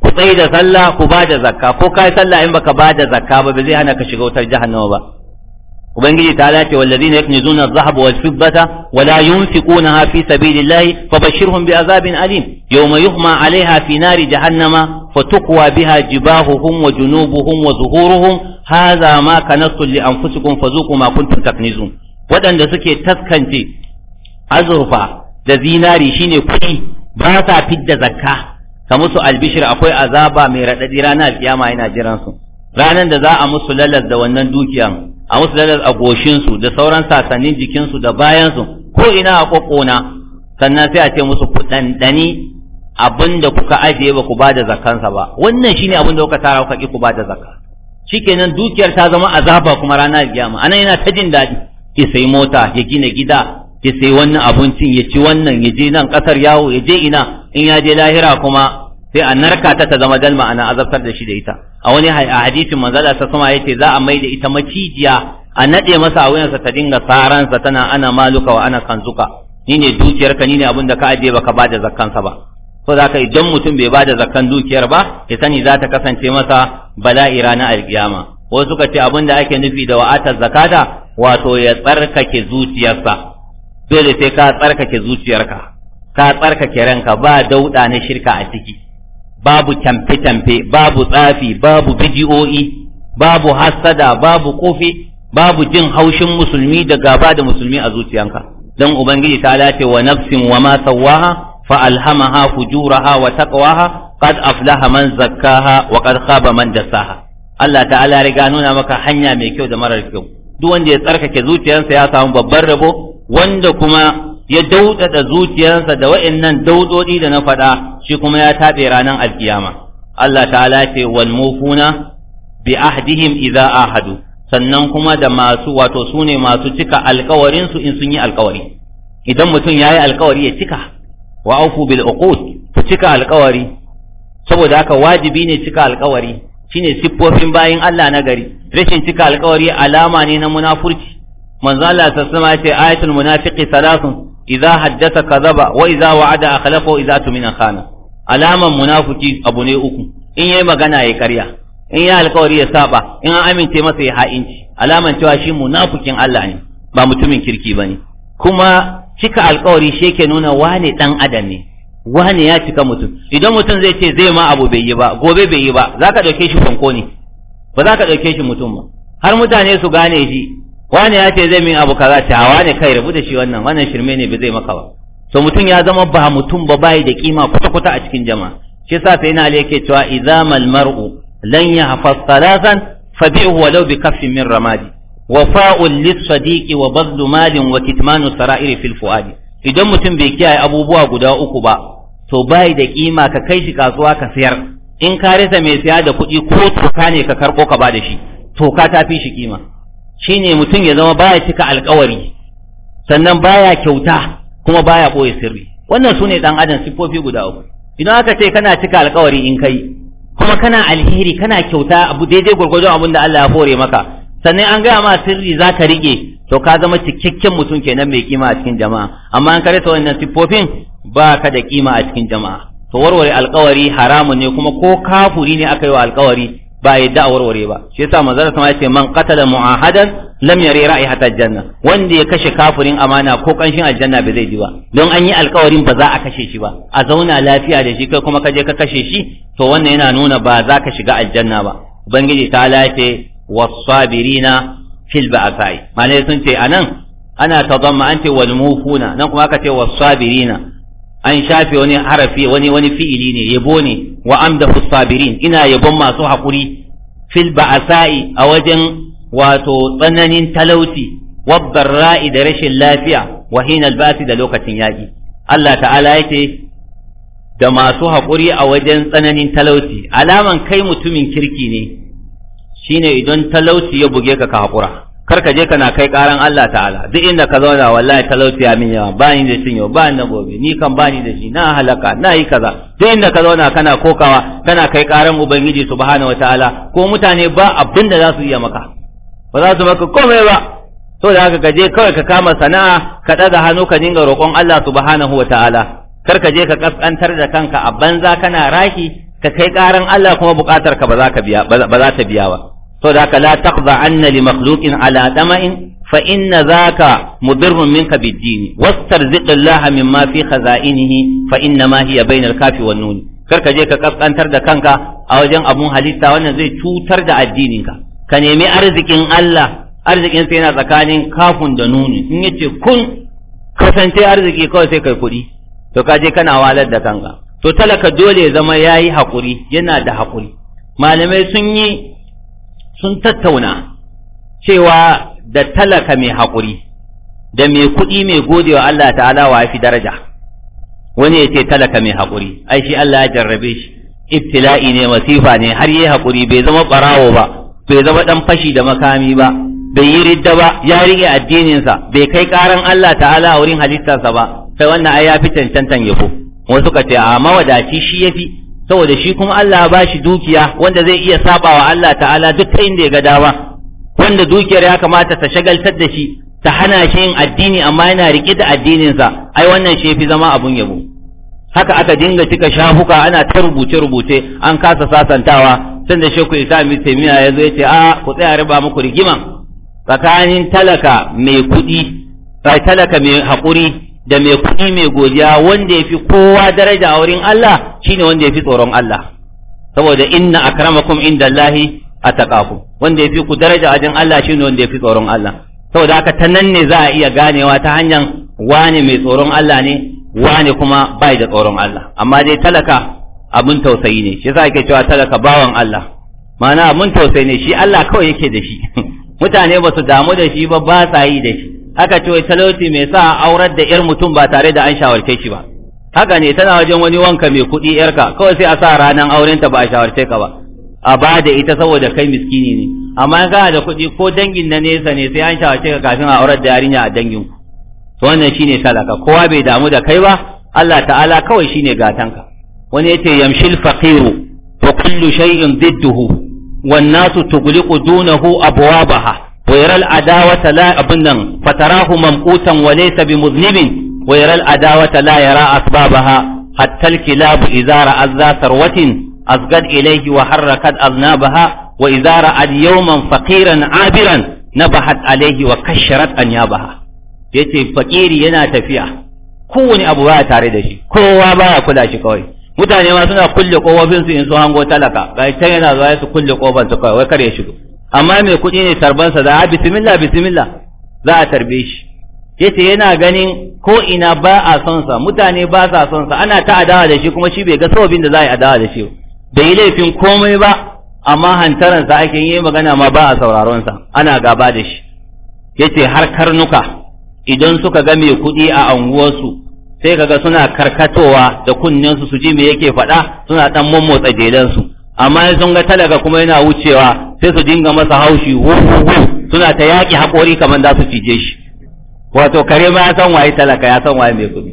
ku tsaye da sallah ku ba da zakka ko kai sallah in baka ba da zakka ba ba zai hana ka shiga wutar jahannama ba ubangiji ta lace wallazina yaknizuna adh-dhahaba wal-fiddata wa la yunfiqunaha fi sabilillahi fabashshirhum bi'adhabin alim yawma yuhma 'alayha fi nari jahannama fatuqwa biha jibahuhum wa junubuhum wa zuhuruhum hadha ma kanastu li anfusikum fazuqu ma kuntum taknizun wadanda suke taskance azurfa da zinari shine kuɗi ba sa fidda zakka ka musu albishir akwai azaba mai raɗaɗi ranar alkiyama yana jiran su ranar da za a musu lalas da wannan dukiyan a musu lalas a goshinsu da sauran sasannin jikinsu da bayansu ko ina a kokona sannan sai a ce musu ku abinda kuka ajiye ba ku ba da zakansa ba wannan shine abin da kuka tara kuka ki ku ba da zakka shikenan dukiyar ta zama azaba kuma ranar alkiyama anan yana ta jin daɗi ki sai mota ya gina gida ya sai wannan abincin ya ci wannan ya je nan kasar yawo ya je ina in ya je lahira kuma sai a narka ta ta zama dal ma'ana azabtar da shi da ita a wani hadisin manzo ta sama yace za a mai da ita macijiya a nade masa a wuyansa ta dinga saransa tana ana maluka wa ana kanzuka ni ne ka ni ne abin da ka ajiye baka bada zakkansa ba Ko za ka idan mutum bai bada zakkan dukiyar ba ya sani za ta kasance masa bala'i ranar alkiyama wasu suka ce abin da ake nufi da wa'atar zakata wato ya tsarkake zuciyarsa dole sai ka tsarkake zuciyarka ka tsarkake ranka ba dauda na shirka a ciki babu tamfe-tamfe babu tsafi babu bidiyo'i babu hassada babu kofi babu jin haushin musulmi da gaba da musulmi a zuciyanka don ubangiji ta lace wa nafsin wa ma sawaha fa alhamaha fujuraha wa taqwaha qad aflaha man zakkaha wa qad khaba man dasaha. Allah ta'ala riga nuna maka hanya mai kyau da marar kyau duk wanda ya tsarkake zuciyarsa ya samu babban rabo wanda kuma ya daudada zuciyarsa da wa'annan daudodi da na faɗa shi kuma ya taɓe ranar alkiyama Allah ta'ala ce wal mufuna bi ahdihim idza ahadu sannan kuma da masu wato sune masu cika alkawarin su in sun yi alkawari idan mutum yayi alkawari ya cika wa aufu bil uqud ku cika alkawari saboda haka wajibi ne cika alkawari shine siffofin bayin Allah na gari rashin cika alkawari alama ne na munafurci manzo Allah sassama ce ayatul munafiqi salasun idza haddatha kadhaba wa idza wa'ada akhlafa idza tumina khana alaman munafiki abu ne uku in yayi magana yayi ƙarya in ya alƙawari ya saba in an amince masa ya ha'inci alaman cewa shi munafikin Allah ne ba mutumin kirki bane kuma cika alƙawari shi yake nuna wane dan adam ne wane ya cika mutum idan mutum zai ce zai ma abu bai yi ba gobe bai yi ba zaka dauke shi fanko ne ba zaka dauke shi mutum ba har mutane su gane shi wani ya ce zai min abu kaza A wani kai rabu da shi wannan wannan shirme ne bai zai maka ba so mutum ya zama ba mutum ba bai da kima kuta-kuta a cikin jama'a shi yasa sai na yake cewa izamal mar'u lan yahfaz salasan fabi'hu walau bi kaffin min ramadi wafa'un lis-sadiqi wa badlu malin wa kitmanu sara'iri fil fuadi idan mutum bai kiyaye abubuwa guda uku ba to bai da kima ka kai shi kasuwa ka sayar in ka rasa mai siya da kuɗi ko toka ne ka karɓo ka ba da shi toka ta fi shi kima Shi ne mutum ya zama baya cika alkawari sannan baya kyauta kuma baya ɓoye sirri wannan su ne dan adam siffofi guda uku idan aka ce kana cika alkawari in kai kuma kana alheri kana kyauta abu daidai gwargwadon abin da Allah ya hore maka sannan an gaya ma sirri za ka rike to ka zama cikakken mutum kenan mai kima a cikin jama'a amma an karanta wannan siffofin ba ka da kima a cikin jama'a to warware alkawari haramun ne kuma ko kafuri ne aka yi wa alkawari ba ya da warware ba shi yasa manzon sama ya ce man qatala mu'ahadan lam yari ra'ihata janna wanda ya kashe kafirin amana ko kanshin aljanna ba zai ji ba don an yi alkawarin ba za a kashe shi ba a zauna lafiya da shi kai kuma ka je ka kashe shi to wannan yana nuna ba za ka shiga aljanna ba ubangiji ta lace wasabirina fil ba'sai malai sun ce anan ana tazamma an ce wal mufuna nan kuma aka ce wasabirina an shafe wani harafi wani wani fi'ili ne yabo ne wa amdahu sabirin ina yabon masu haƙuri, fil ba'asa'i a wajen wato tsananin talauci wabbar ra'i da rashin lafiya wa ba'si da lokacin yaƙi. Allah ta'ala yake da masu haƙuri a wajen tsananin talauci alaman kai mutumin kirki ne shine idan talauci ya buge ka ka haƙura. kar ka je kana kai karan Allah ta'ala duk inda ka zauna wallahi talauci ya min yawa ba ni da shin ba ni da gobe ni kan ba ni da shi na halaka na yi kaza duk inda ka zauna kana kokawa kana kai karan ubangiji subhanahu wataala ko mutane ba abin da za su iya maka ba za su maka komai ba to da haka ka je kawai ka kama sana'a ka ɗaga hannu ka dinga roƙon Allah subhanahu wataala kar ka je ka kaskantar da kanka a banza kana raki ka kai karan Allah kuma buƙatar ka ba za ka biya ba za ta biya ba to da ka la taqba anna li makhluqin ala tama'in fa inna zaka mudirrun minka bid-din wastarziq Allah mimma fi khaza'inihi fa inna ma hiya bainal kafi wan nun kar ka je ka kaskantar da kanka a wajen abun halitta wannan zai cutar da addininka ka nemi arzikin Allah arzikin sai yana tsakanin kafun da nuni in yace kun kasance arziki kawai sai kai kuɗi to ka je kana walar da kanka to talaka dole ya zama yayi hakuri yana da hakuri malamai sun yi sun tattauna cewa da talaka mai haƙuri da mai kuɗi mai gode wa Allah ta'ala wa fi daraja wani ya ce talaka mai haƙuri ai shi Allah ya jarrabe shi ibtila'i ne masifa ne har yi haƙuri bai zama ɓarawo ba bai zama ɗan fashi da makami ba bai yi ridda ba ya riƙe addininsa bai kai ƙaran Allah ta'ala a wurin halittarsa ba sai wannan ai ya fi cancantan yabo wasu ka ce a mawadaci shi ya fi saboda shi kuma Allah ba shi dukiya wanda zai iya sabawa Allah ta'ala duk ta inda ya ga dama wanda dukiyar ya kamata ta shagaltar da shi ta hana shi yin addini amma yana rike da addininsa ai wannan shi fi zama abun yabo haka aka dinga cika shafuka ana ta rubuce rubuce an kasa sasantawa sanda sheku isa mi taimiya ya zo ya ce a ku tsaya riba muku rigiman tsakanin talaka mai kuɗi talaka mai haƙuri da mai kuɗi mai godiya wanda ya fi kowa daraja a wurin Allah shine wanda ya fi tsoron Allah saboda inna akramakum taƙa ku wanda ya fi ku daraja a wajen Allah shine wanda ya fi tsoron Allah saboda haka ta nan ne za a iya ganewa ta hanyar wane mai tsoron Allah ne wane kuma bai da tsoron Allah amma dai talaka abun tausayi ne shi yasa ake cewa talaka bawan Allah ma'ana abun tausayi ne shi Allah kawai yake da shi *laughs* mutane ba su damu da shi ba ba sa yi da shi aka ce wai talauci mai sa aurar da yar mutum ba tare da an shawarce shi ba haka ne tana wajen wani wanka mai kuɗi yarka kawai sai a sa ranar aurenta ba a shawarce ka ba a ba da ita saboda kai miskini ne amma in kana da kuɗi ko dangin na nesa ne sai an shawarce ka kafin a aurar da yarinya a dangin ku to wannan shine talaka kowa bai damu da kai ba Allah ta'ala kawai shine gatanka wani yace yamshil faqiru wa kullu shay'in didduhu wan nasu tughliqu dunahu abwabaha yaral adawata la abun nan fatarahu mamqutan wa laysa bimuznibin wa yaral adawata la yara asbabaha hatta alkilabu idza ra'at za sarwatin asgad ilayhi wa harrakat aznabaha wa idza ra'at yawman faqiran abiran nabahat alayhi wa kasharat anyabaha yace fakiri yana tafiya kowane abu baya tare da shi kowa baya kula shi kawai mutane ma suna kulle kofofin su in su hango talaka yana zuwa su kulle kofar kawai kar ya shigo amma mai kuɗi ne tarbansa da bismillah bismillah za a tarbe shi yace yana ganin ko ina ba a son mutane ba sa son ana ta adawa da shi kuma shi bai ga sababin da za a yi adawa da shi bai yi laifin komai ba amma hantaransa sa ake yi magana ma ba a sauraron sa ana gaba da shi yace har karnuka idan suka ga mai kuɗi a anguwarsu sai kaga suna karkatowa da kunnen su su ji me yake faɗa suna ɗan mummotsa jelan amma in sun ga talaga kuma yana wucewa sai su dinga masa haushi hu suna ta yaƙi haƙori kamar za su cije shi wato kare ma ya san waye talaka ya san waye mai kuɗi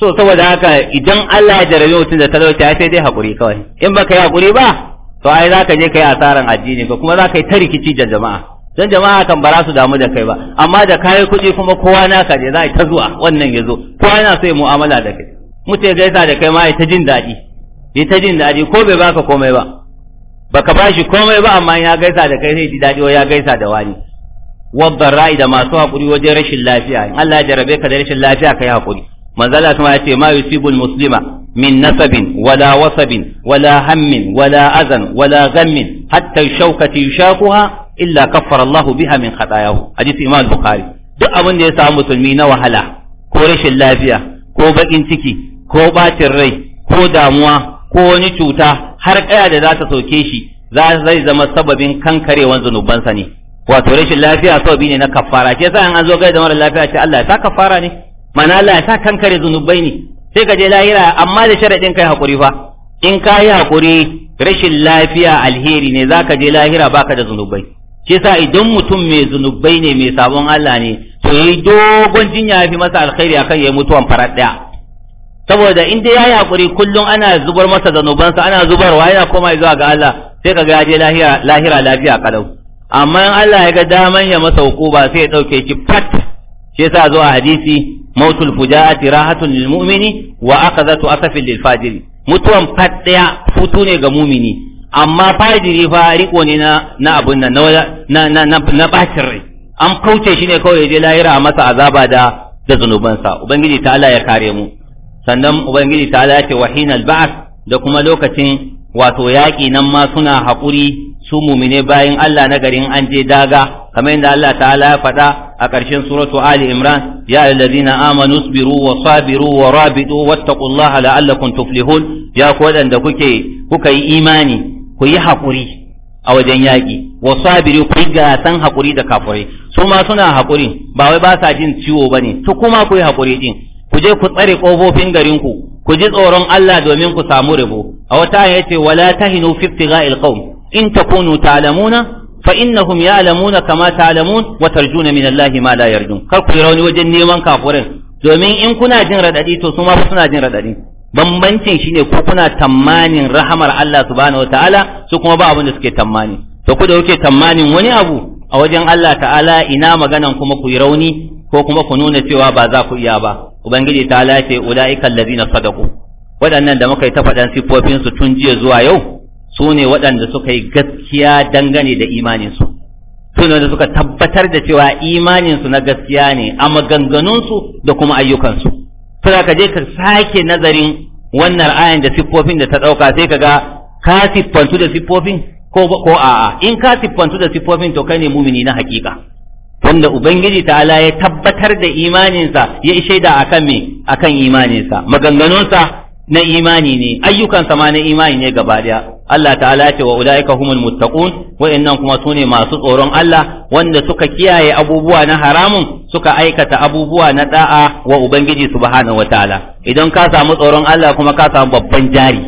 so saboda haka idan Allah ya jarabe mutum da talauci sai dai haƙuri kawai in ka yi haƙuri ba to ai za ka je ka yi asaran addini ba kuma za ka yi ta rikici da jama'a don jama'a kan ba za su damu da kai ba amma da kayan kuɗi kuma kowa ka je za a ta zuwa wannan ya zo kowa yana so ya mu'amala da kai mutum ya gaisa da kai ma ya ta jin daɗi yi ta jin daɗi ko bai baka komai ba baka ba shi komai ba amma ya gaisa da kai sai ji daɗi ya gaisa da wani wadda ra'ayi da masu haƙuri wajen rashin lafiya in Allah ya jarabe ka da rashin lafiya yi haƙuri manzala kuma ya ce ma yusibul muslima min nasabin wala wasabin wala hammin wala azan wala gammin, hatta shaukati yushaquha illa kaffara Allahu biha min khatayahu hadisi Imam Bukhari duk abin da ya samu musulmi na wahala ko rashin lafiya ko bakin ciki ko bacin rai ko damuwa ko wani cuta har kaya da za ta sauke shi zai zama sababin kankarewan zunubansa ne wato rashin lafiya sababi ne na kafara ce sai an zo da mara lafiya ce Allah ya sa kafara ne mana Allah ya sa kankare zunubai ne sai ka je lahira amma da sharadin kai hakuri fa in ka yi hakuri rashin lafiya alheri ne zaka je lahira baka da zunubai Ke sa idan mutum mai zunubai ne mai sabon Allah ne to yi dogon jinya ya fi masa alkhairi akan ya mutuwan farat daya saboda in dai yayi hakuri kullum ana zubar masa zanubansa ana zubarwa yana koma zuwa ga Allah sai kaga ya je lahira lahira lafiya kalau amma in Allah ya ga daman ya masa hukuba sai ya dauke ki, fat shi yasa zuwa hadisi mautul fujaati rahatun lil mu'mini wa aqadatu asafin lil fajiri mutuwan fat daya futu ne ga mumini amma fajiri fa riko ne na na abun nan na na na na bacin rai an kauce shi ne kawai ya je lahira a masa azaba da da zanubansa ubangiji ta Allah ya kare mu sannan ubangiji ta lace wahinal ba'as da kuma lokacin wato yaƙi nan ma suna haƙuri su mumine bayan Allah na garin an je daga kamar yadda Allah ta'ala ya faɗa a ƙarshen suratu Ali Imran ya allazina amanu sabiru wa sabiru wa rabitu wattaqullaha la'allakum tuflihun ya ku wadanda kuke kuka yi imani ku yi haƙuri a wajen yaƙi wa sabiru ku yi gasan haƙuri da kafirai su ma suna haƙuri ba wai ba sa jin ciwo bane su kuma ku yi haƙuri din ku je ku tsare ƙofofin garinku ku ji tsoron Allah domin ku samu rabo a wata ya ce wala tahinu fi ibtigha'il qawm in takunu ta'lamuna fa innahum ya'lamuna kama ta'lamun wa tarjuna min Allah ma la yarjun kar ku rauni wajen neman kafurin domin in kuna jin radadi to su ma suna jin radadi bambancin shine ku kuna tamanin rahamar Allah subhanahu wataala su kuma ba abin da suke tamani to ku da kuke tamanin wani abu a wajen Allah ta'ala ina maganan kuma ku yi rauni ko kuma ku nuna cewa ba za ku iya ba ubangiji ta lafe ulaika allazina sadaqu waɗannan da muka yi ta faɗan sifofin su tun jiya zuwa yau su ne waɗanda suka yi gaskiya dangane da imaninsu su ne wanda suka tabbatar da cewa imaninsu na gaskiya ne a maganganunsu da kuma ayyukansu suna ka je ka sake nazarin wannan ayan da sifofin da ta ɗauka sai ka ga ka siffantu da siffofin ko a'a in ka siffantu da siffofin to kai ne mumini na hakika wanda ubangiji ta'ala ya tabbatar da imaninsa ya shaida akan me akan imaninsa maganganunsa na imani ne Ayyukan sama na imani ne gaba daya Allah ta'ala ce wa ulaika humul muttaqun wa'annan kuma sune masu tsoron Allah wanda suka kiyaye abubuwa na haramun suka aikata abubuwa na da'a wa ubangiji subhanahu wataala idan ka samu tsoron Allah kuma ka samu babban jari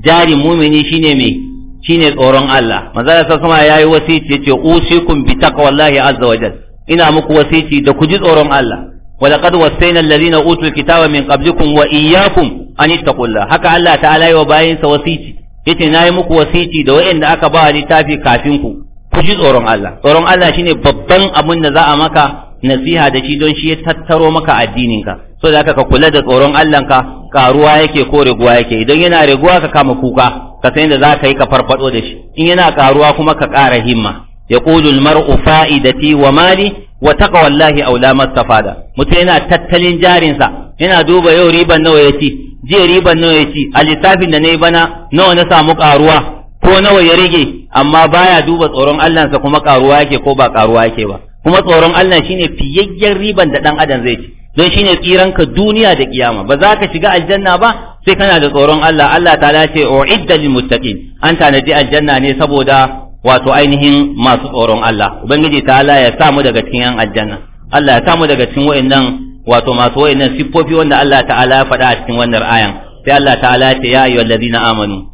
jari mumini shine me shine tsoron Allah manzala sa sama yi wasici yace usikum bi taqwallahi azza wa jal ina muku wasici da ku ji tsoron Allah walaqad wasayna alladhina utul kitaba min qablikum wa iyyakum an ittaqullah haka Allah ta'ala ya wa bayinsa wasici yace nayi muku wasici da wa'anda aka ba littafi kafin ku ku ji tsoron Allah tsoron Allah shine babban abin da za a maka nasiha da shi don shi ya tattaro maka addininka so da ka kula da tsoron Allahnka karuwa yake ko riguwa yake idan yana riguwa ka kama kuka ka san da za ka yi ka farfado da shi in yana karuwa kuma ka ƙara himma yaqulul mar'u fa'idati wa mali wa taqwallahi aula mastafada mutum yana tattalin jarinsa yana duba yau riban nawa ya ci jiya riban nawa ya ci a lissafin da na yi bana nawa na samu karuwa ko nawa ya rage amma baya duba tsoron Allahnsa kuma karuwa yake ko ba karuwa yake ba kuma tsoron Allah shine fiyayyen riban da dan adam zai ci don shine tsiranka duniya da kiyama ba za ka shiga aljanna ba sai kana da tsoron Allah Allah ta'ala ce uidda lil muttaqin an tanadi aljanna ne saboda wato ainihin masu tsoron Allah ubangiji ta'ala ya samu daga cikin yan aljanna Allah ya samu daga cikin wayannan wato masu wayannan siffofi wanda Allah ta'ala ya faɗa a cikin wannan ayan sai Allah ta'ala ya ce ya ayyuhallazina amanu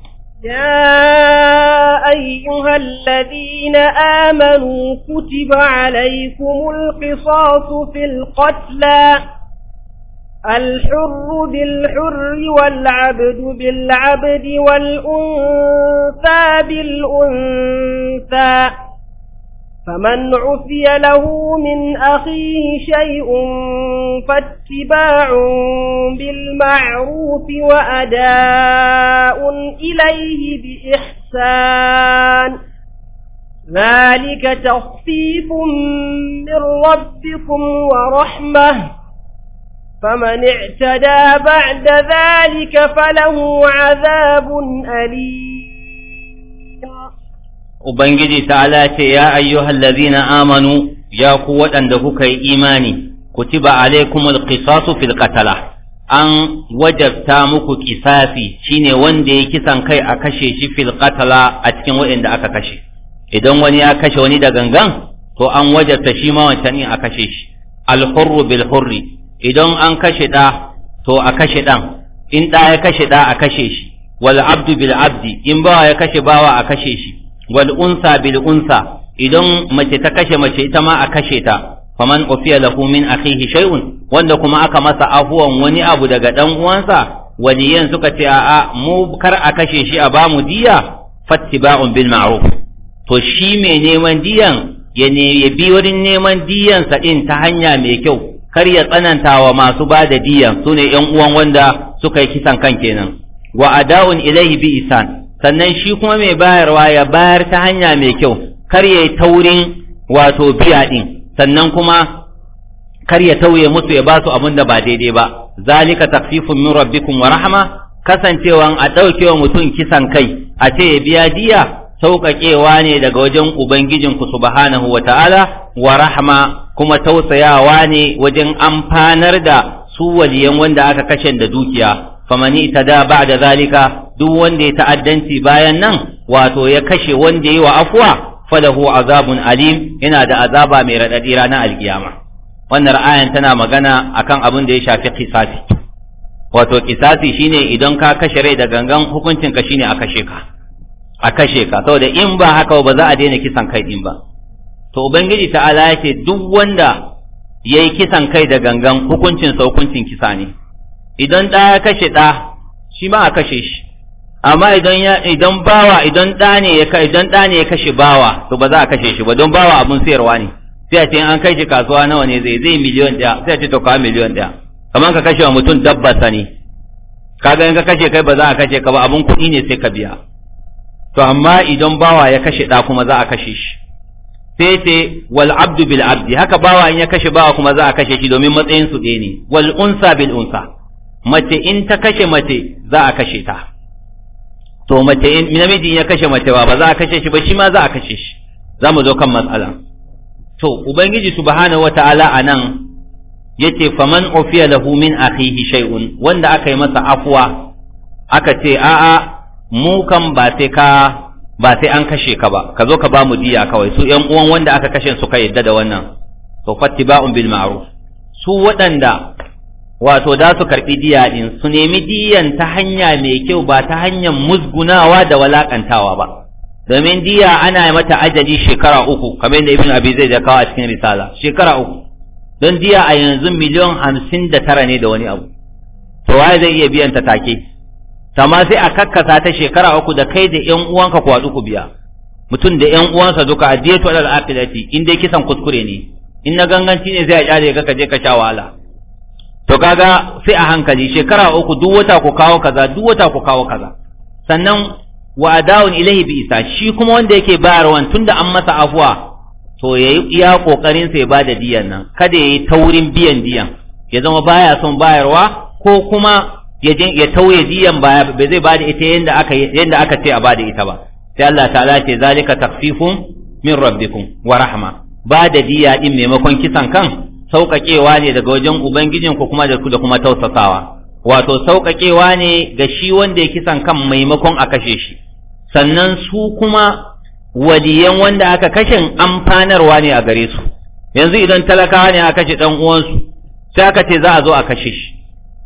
يا أيها الذين آمنوا كتب عليكم القصاص في القتلى الحر بالحر والعبد بالعبد والأنثى بالأنثى فمن عفي له من أخيه شيء فاتباع بالمعروف وأداء إليه بإحسان ذلك تخفيف من ربكم ورحمة فمن اعتدى بعد ذلك فله عذاب أليم ubangiji ta'ala ce ya ayyuhal ladzina amanu ya ku waɗanda kuka yi imani ku kutiba alaikumul qisasu fil qatala an wajabta muku kisafi shine wanda ya kisan kai a kashe shi fil qatala a cikin waɗanda aka kashe idan wani ya kashe wani da gangan to an wajabta shi ma wancan a kashe shi alhurru bil hurri idan an kashe ɗa to a kashe ɗan, in da ya kashe ɗa a kashe shi wal abdu bil abdi in bawa ya kashe bawa a kashe shi wal bil'unsa, idan mace ta kashe mace ita ma a kashe ta faman ufiya lahu min akhihi shay'un wanda kuma aka masa afuwan wani abu daga dan uwansa waliyan suka ce a'a mu kar a kashe shi a bamu diya fattiba'un bil ma'ruf to shi mai neman diyan ya ne ya bi wurin neman diyan sa din ta hanya mai kyau kar ya tsananta wa masu ba da diyan sune yan uwan wanda suka yi kisan kan kenan wa ada'un ilayhi bi isan sannan shi kuma mai bayarwa ya bayar ta hanya mai kyau kar ya yi taurin wato biya ɗin sannan kuma kar ya tauye musu ya ba su abin da ba daidai ba zalika takfifun min rabbikum wa rahma kasancewan a ɗaukewa mutum kisan kai a ce ya biya diya sauƙaƙewa ne daga wajen ku subhanahu wa ta'ala wa rahma kuma tausayawa ne wajen amfanar da su waliyan wanda aka kashe da dukiya famani tada ba'da zalika duk wanda ya ta'addanci bayan nan wato ya kashe wanda yi wa afwa falahu azabun alim yana da azaba mai radadi ranar alkiyama wannan ra'ayan tana magana akan abin da ya shafi kisasi wato kisasi shine idan ka kashe rai da gangan hukuncin ka shine a kashe ka a kashe ka saboda in ba haka ba za a daina kisan kai din ba to ubangiji ta'ala ya ce duk wanda yayi kisan kai da gangan hukuncin sa hukuncin kisa ne idan ɗa ya kashe ɗa shi ma a kashe shi amma idan ya idan bawa idan da ne ya idan da ne ya kashe bawa to ba za a kashe shi ba don bawa abun sayarwa ne sai a ce an kai shi kasuwa nawa ne zai zai miliyon ɗaya sai a ce to kawai miliyon ɗaya kamar ka kashe wa mutum dabba sani, kaga in ka kashe kai ba za a kashe ka ba abun kuɗi ne sai ka biya to amma idan bawa ya kashe ɗa kuma za a kashe shi sai ce wal abdu bil abdi haka bawa in ya kashe bawa kuma za a kashe shi domin matsayin su ɗaya ne wal unsa bil unsa mace in ta kashe mace za a kashe ta to mace in namiji ya kashe mace ba ba za a kashe shi ba shi ma za a kashe shi za mu zo kan matsala to ubangiji subhanahu wataala ya ce faman ofiya lahu min akhihi shay'un wanda aka yi masa afuwa aka ce a'a mu kan ba sai ka ba sai an kashe ka ba ka zo ka ba mu diya kawai su yan uwan wanda aka kashe su ka yadda da wannan to fattiba'un bil ma'ruf su waɗanda wato za su karɓi diya ɗin su nemi diyan ta hanya mai kyau ba ta hanyar musgunawa da walakantawa ba domin diya ana mata ajali shekara uku kamar yadda ibn abi zai da kawo a cikin risala shekara uku don diya a yanzu miliyon hamsin da tara ne da wani abu to waye zai iya biyan ta take amma sai a kakkasa ta shekara uku da kai da yan uwanka ku haɗu ku biya mutum da yan uwansa duka a diyatu alal aqilati in dai kisan kuskure ne in na ganganci ne zai a kyale ka je ka sha wahala to kaga sai a hankali shekara uku duk wata ku kawo kaza duk wata ku kawo kaza sannan wa adawun ilahi bi isa shi kuma wanda yake bayarwan tunda an masa afuwa to yayi iya kokarin sai ya bada diyan nan kada yayi taurin biyan diyan ya zama baya son bayarwa ko kuma ya ya tauye diyan baya ba zai bada ita yanda aka yanda aka ce a bada ita ba sai Allah ta'ala ce zalika takfifun min rabbikum wa rahma bada diya din maimakon kisan kan sauƙaƙewa ne daga wajen ubangijin ku kuma da kuma tausasawa wato sauƙaƙewa ne ga shi wanda ya kisan kan maimakon a kashe shi sannan su kuma wadiyan wanda aka kashe amfanarwa ne a gare su yanzu idan talakawa ne a kashe ɗan uwansu sai aka ce za a zo a kashe shi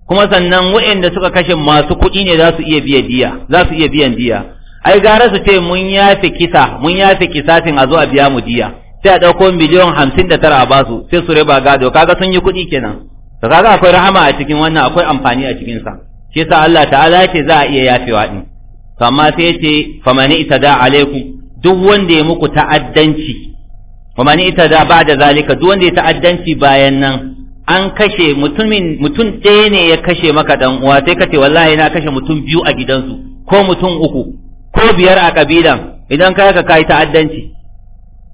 kuma sannan waɗanda suka kashe masu kuɗi ne za su iya biyan diya za su iya biyan diya ai gara su ce mun yafe kisa mun yafe kisafin a zo a biya mu diya sai a ɗauko miliyan hamsin da tara a basu sai su riba gado kaga sun yi kuɗi kenan to kaga akwai rahama a cikin wannan akwai amfani a cikin sa shi yasa Allah ta'ala ce za a iya yafewa din to amma sai ya ce famani itada alaikum duk wanda ya muku ta'addanci famani itada ba'da zalika duk wanda ya ta'addanci bayan nan an kashe mutumin mutum ɗaya ne ya kashe maka dan uwa sai kace wallahi na kashe mutum biyu a gidansu ko mutum uku ko biyar a kabilan idan ka ka kai ta'addanci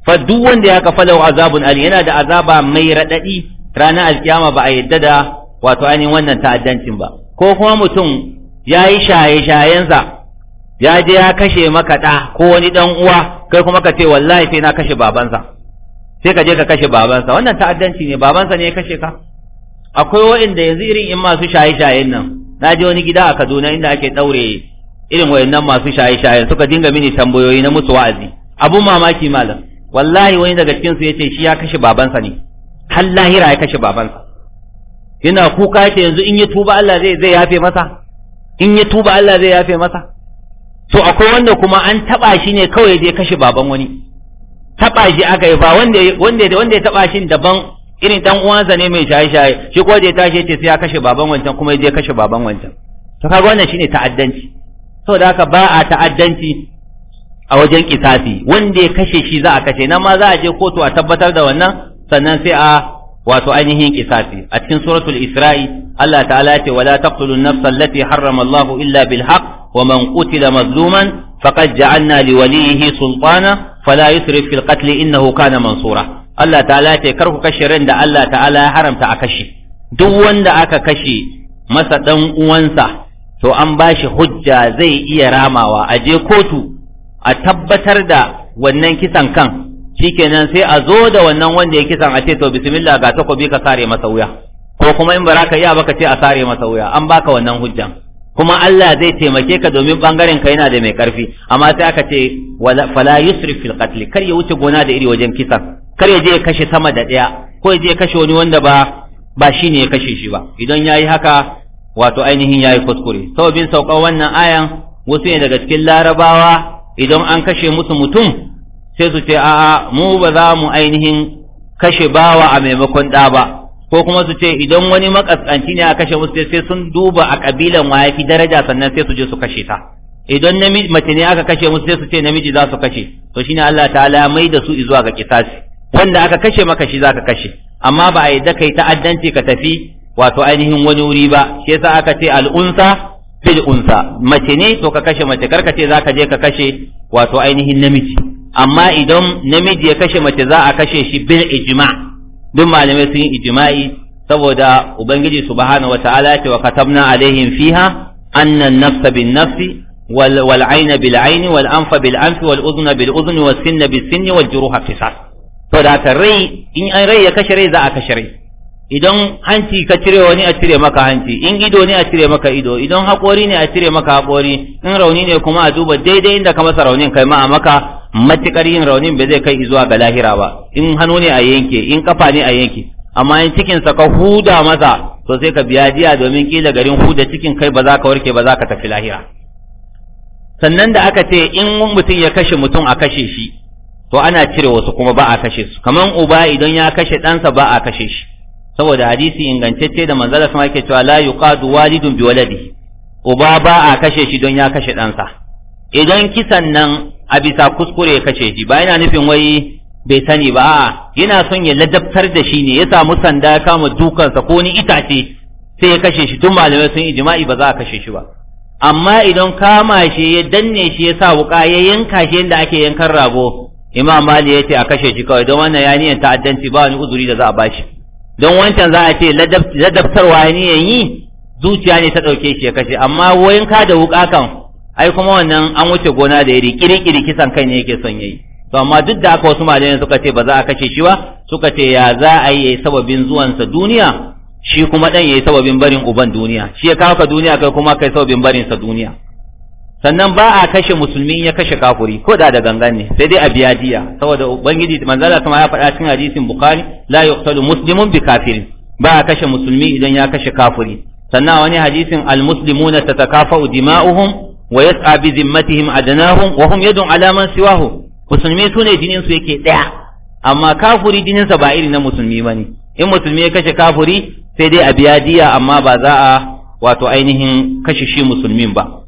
fa duk wanda ya kafa lahu azabun ali yana da azaba mai radadi ranar alkiyama ba a yadda da wato ainihin wannan ta'addancin ba ko kuma mutum ya yi shaye-shayensa ya je ya kashe maka ɗa ko wani ɗan uwa kai kuma ka ce wallahi sai na kashe babansa sai ka je ka kashe babansa wannan ta'addanci ne babansa ne ya kashe ka akwai waɗanda yanzu irin in masu shaye-shayen nan na je wani gida a Kaduna inda ake ɗaure irin waɗannan masu shaye-shayen suka dinga mini tambayoyi na musu wa'azi abun mamaki malam wallahi wani daga cikin su yace shi ya kashe babansa ne har lahira ya kashe babansa yana kuka yace yanzu in ya tuba Allah zai zai yafe masa in ya tuba Allah zai yafe masa to akwai wanda kuma an taba shi ne kawai ya kashe baban wani taba shi aka yi ba wanda wanda wanda ya taba shi daban irin dan uwansa ne mai shaye-shaye shi ko da ya tashi yace sai ya kashe baban wancan kuma ya je kashe baban wancan to kaga wannan shine ta'addanci saboda haka ba a ta'addanci a wajen kisasi wanda ya kashe shi za a kashe nan ma za a je kotu a tabbatar da wannan sannan sai a wato ainihin kisasi a cikin suratul isra'i Allah ta'ala ce wala taqtulun nafsa allati harrama Allahu illa bil haqq wa man qutila mazluman faqad ja'alna li walihi sultana fala yusrif fil qatl innahu kana mansura Allah ta'ala ce kar ku kashe ran da Allah ta'ala ya haramta a kashe duk wanda aka kashe masa dan uwansa to an bashi hujja zai iya ramawa a je kotu a tabbatar da wannan kisan kan shikenan sai a zo da wannan wanda ya kisan a ce to bismillah ga takobi ka sare masa wuya ko kuma in ba ka baka ce a sare masa wuya an baka wannan hujjan kuma Allah zai taimake ka domin bangaren ka yana da mai karfi amma sai aka ce fala yusrif fil qatl kar ya wuce gona da iri wajen kisan kar ya je ya kashe sama da daya ko ya je ya kashe wani wanda ba ba shine ya kashe shi ba idan yayi haka wato ainihin yayi kuskure sababin saukan wannan ayan wasu ne daga cikin larabawa idan an kashe musu mutum sai su ce a'a mu ba za mu ainihin kashe bawa a maimakon ɗa ba ko kuma su ce idan wani makaskanci ne a kashe musu sai sun duba a kabilan wa fi daraja sannan sai su je su kashe ta idan namiji mace ne aka kashe musu sai su ce namiji za su kashe to shine Allah ta'ala ya mai da su zuwa ga kisasi wanda aka kashe maka shi zaka kashe amma ba a yadda kai ta'addanci ka tafi wato ainihin wani wuri ba shi yasa aka ce al'unsa fil unsa mace ne to ka kashe mace karka ce ka je ka kashe wato ainihin namiji amma idan namiji ya kashe mace za a kashe shi bil ijma duk malamai sun yi ijma'i saboda ubangiji subhanahu wataala ya ce wa katabna alaihim fiha anna an-nafsa bin-nafsi wal wal ayna bil ayni wal anfa bil anfi wal udhna bil udhni was sinna bis sinni wal juruha qisas to da rai in an rai ya kashe rai za a kashe rai idan hanci ka cire wani a cire maka hanci in ido ne a cire maka ido idan haƙori ne a cire maka haƙori in rauni ne kuma a duba daidai inda ka masa raunin kai ma a maka matuƙar yin raunin ba zai kai zuwa ga lahira ba in hannu ne a yanke in kafa ne a yanke amma in cikin sa ka huda masa to sai ka biya jiya domin kila garin huda cikin kai ba za ka warke ba za ka tafi lahira sannan da aka ce in mutum ya kashe mutum a kashe shi to ana cire wasu kuma ba a kashe su kaman uba idan ya kashe ɗansa ba a kashe shi saboda hadisi ingantacce da manzala sama yake cewa la yuqadu walidun bi waladi uba ba a kashe shi don ya kashe ɗansa idan kisan nan a bisa kuskure ya kashe shi ba yana nufin wai bai sani ba a'a yana son ya ladabtar da shi ne ya samu sanda ya kama dukansa ko ni itace sai ya kashe shi tun malamai sun ijma'i ba za a kashe shi ba amma idan kama shi ya danne shi ya sa wuka ya yanka shi yadda ake yankan rago imam mali ya a kashe shi kawai don wannan ya ta ta'addanci ba wani uzuri da za a bashi don wancan za a ce ladabtarwa ne ya yi zuciya ne ta ɗauke shi ya kashe amma wayin ka da wuƙa kan ai kuma wannan an wuce gona da iri kirikiri kisan kai ne yake son ya yi. to amma duk da aka wasu malamai suka ce ba za a kashe shi ba suka ce ya za a yi sababin zuwansa duniya shi kuma dan yayi sababin barin uban duniya shi ya kawo ka duniya kai kuma kai sababin barin duniya sannan ba a kashe musulmi ya kashe kafuri ko da da gangan ne sai dai a biya diya saboda ubangiji manzala kuma ya faɗa cikin hadisin bukhari la yuqtalu muslimun bi kafirin ba a kashe musulmi idan ya kashe kafuri sannan wani hadisin al muslimuna tatakafa'u dima'uhum wa yas'a bi zimmatihim adanahum wa hum yad'un ala man siwahu musulmi sune jinin su yake daya amma kafuri jinin sa ba irin na musulmi bane in musulmi ya kashe kafuri sai dai a biya diya amma ba za a wato ainihin kashe shi musulmin ba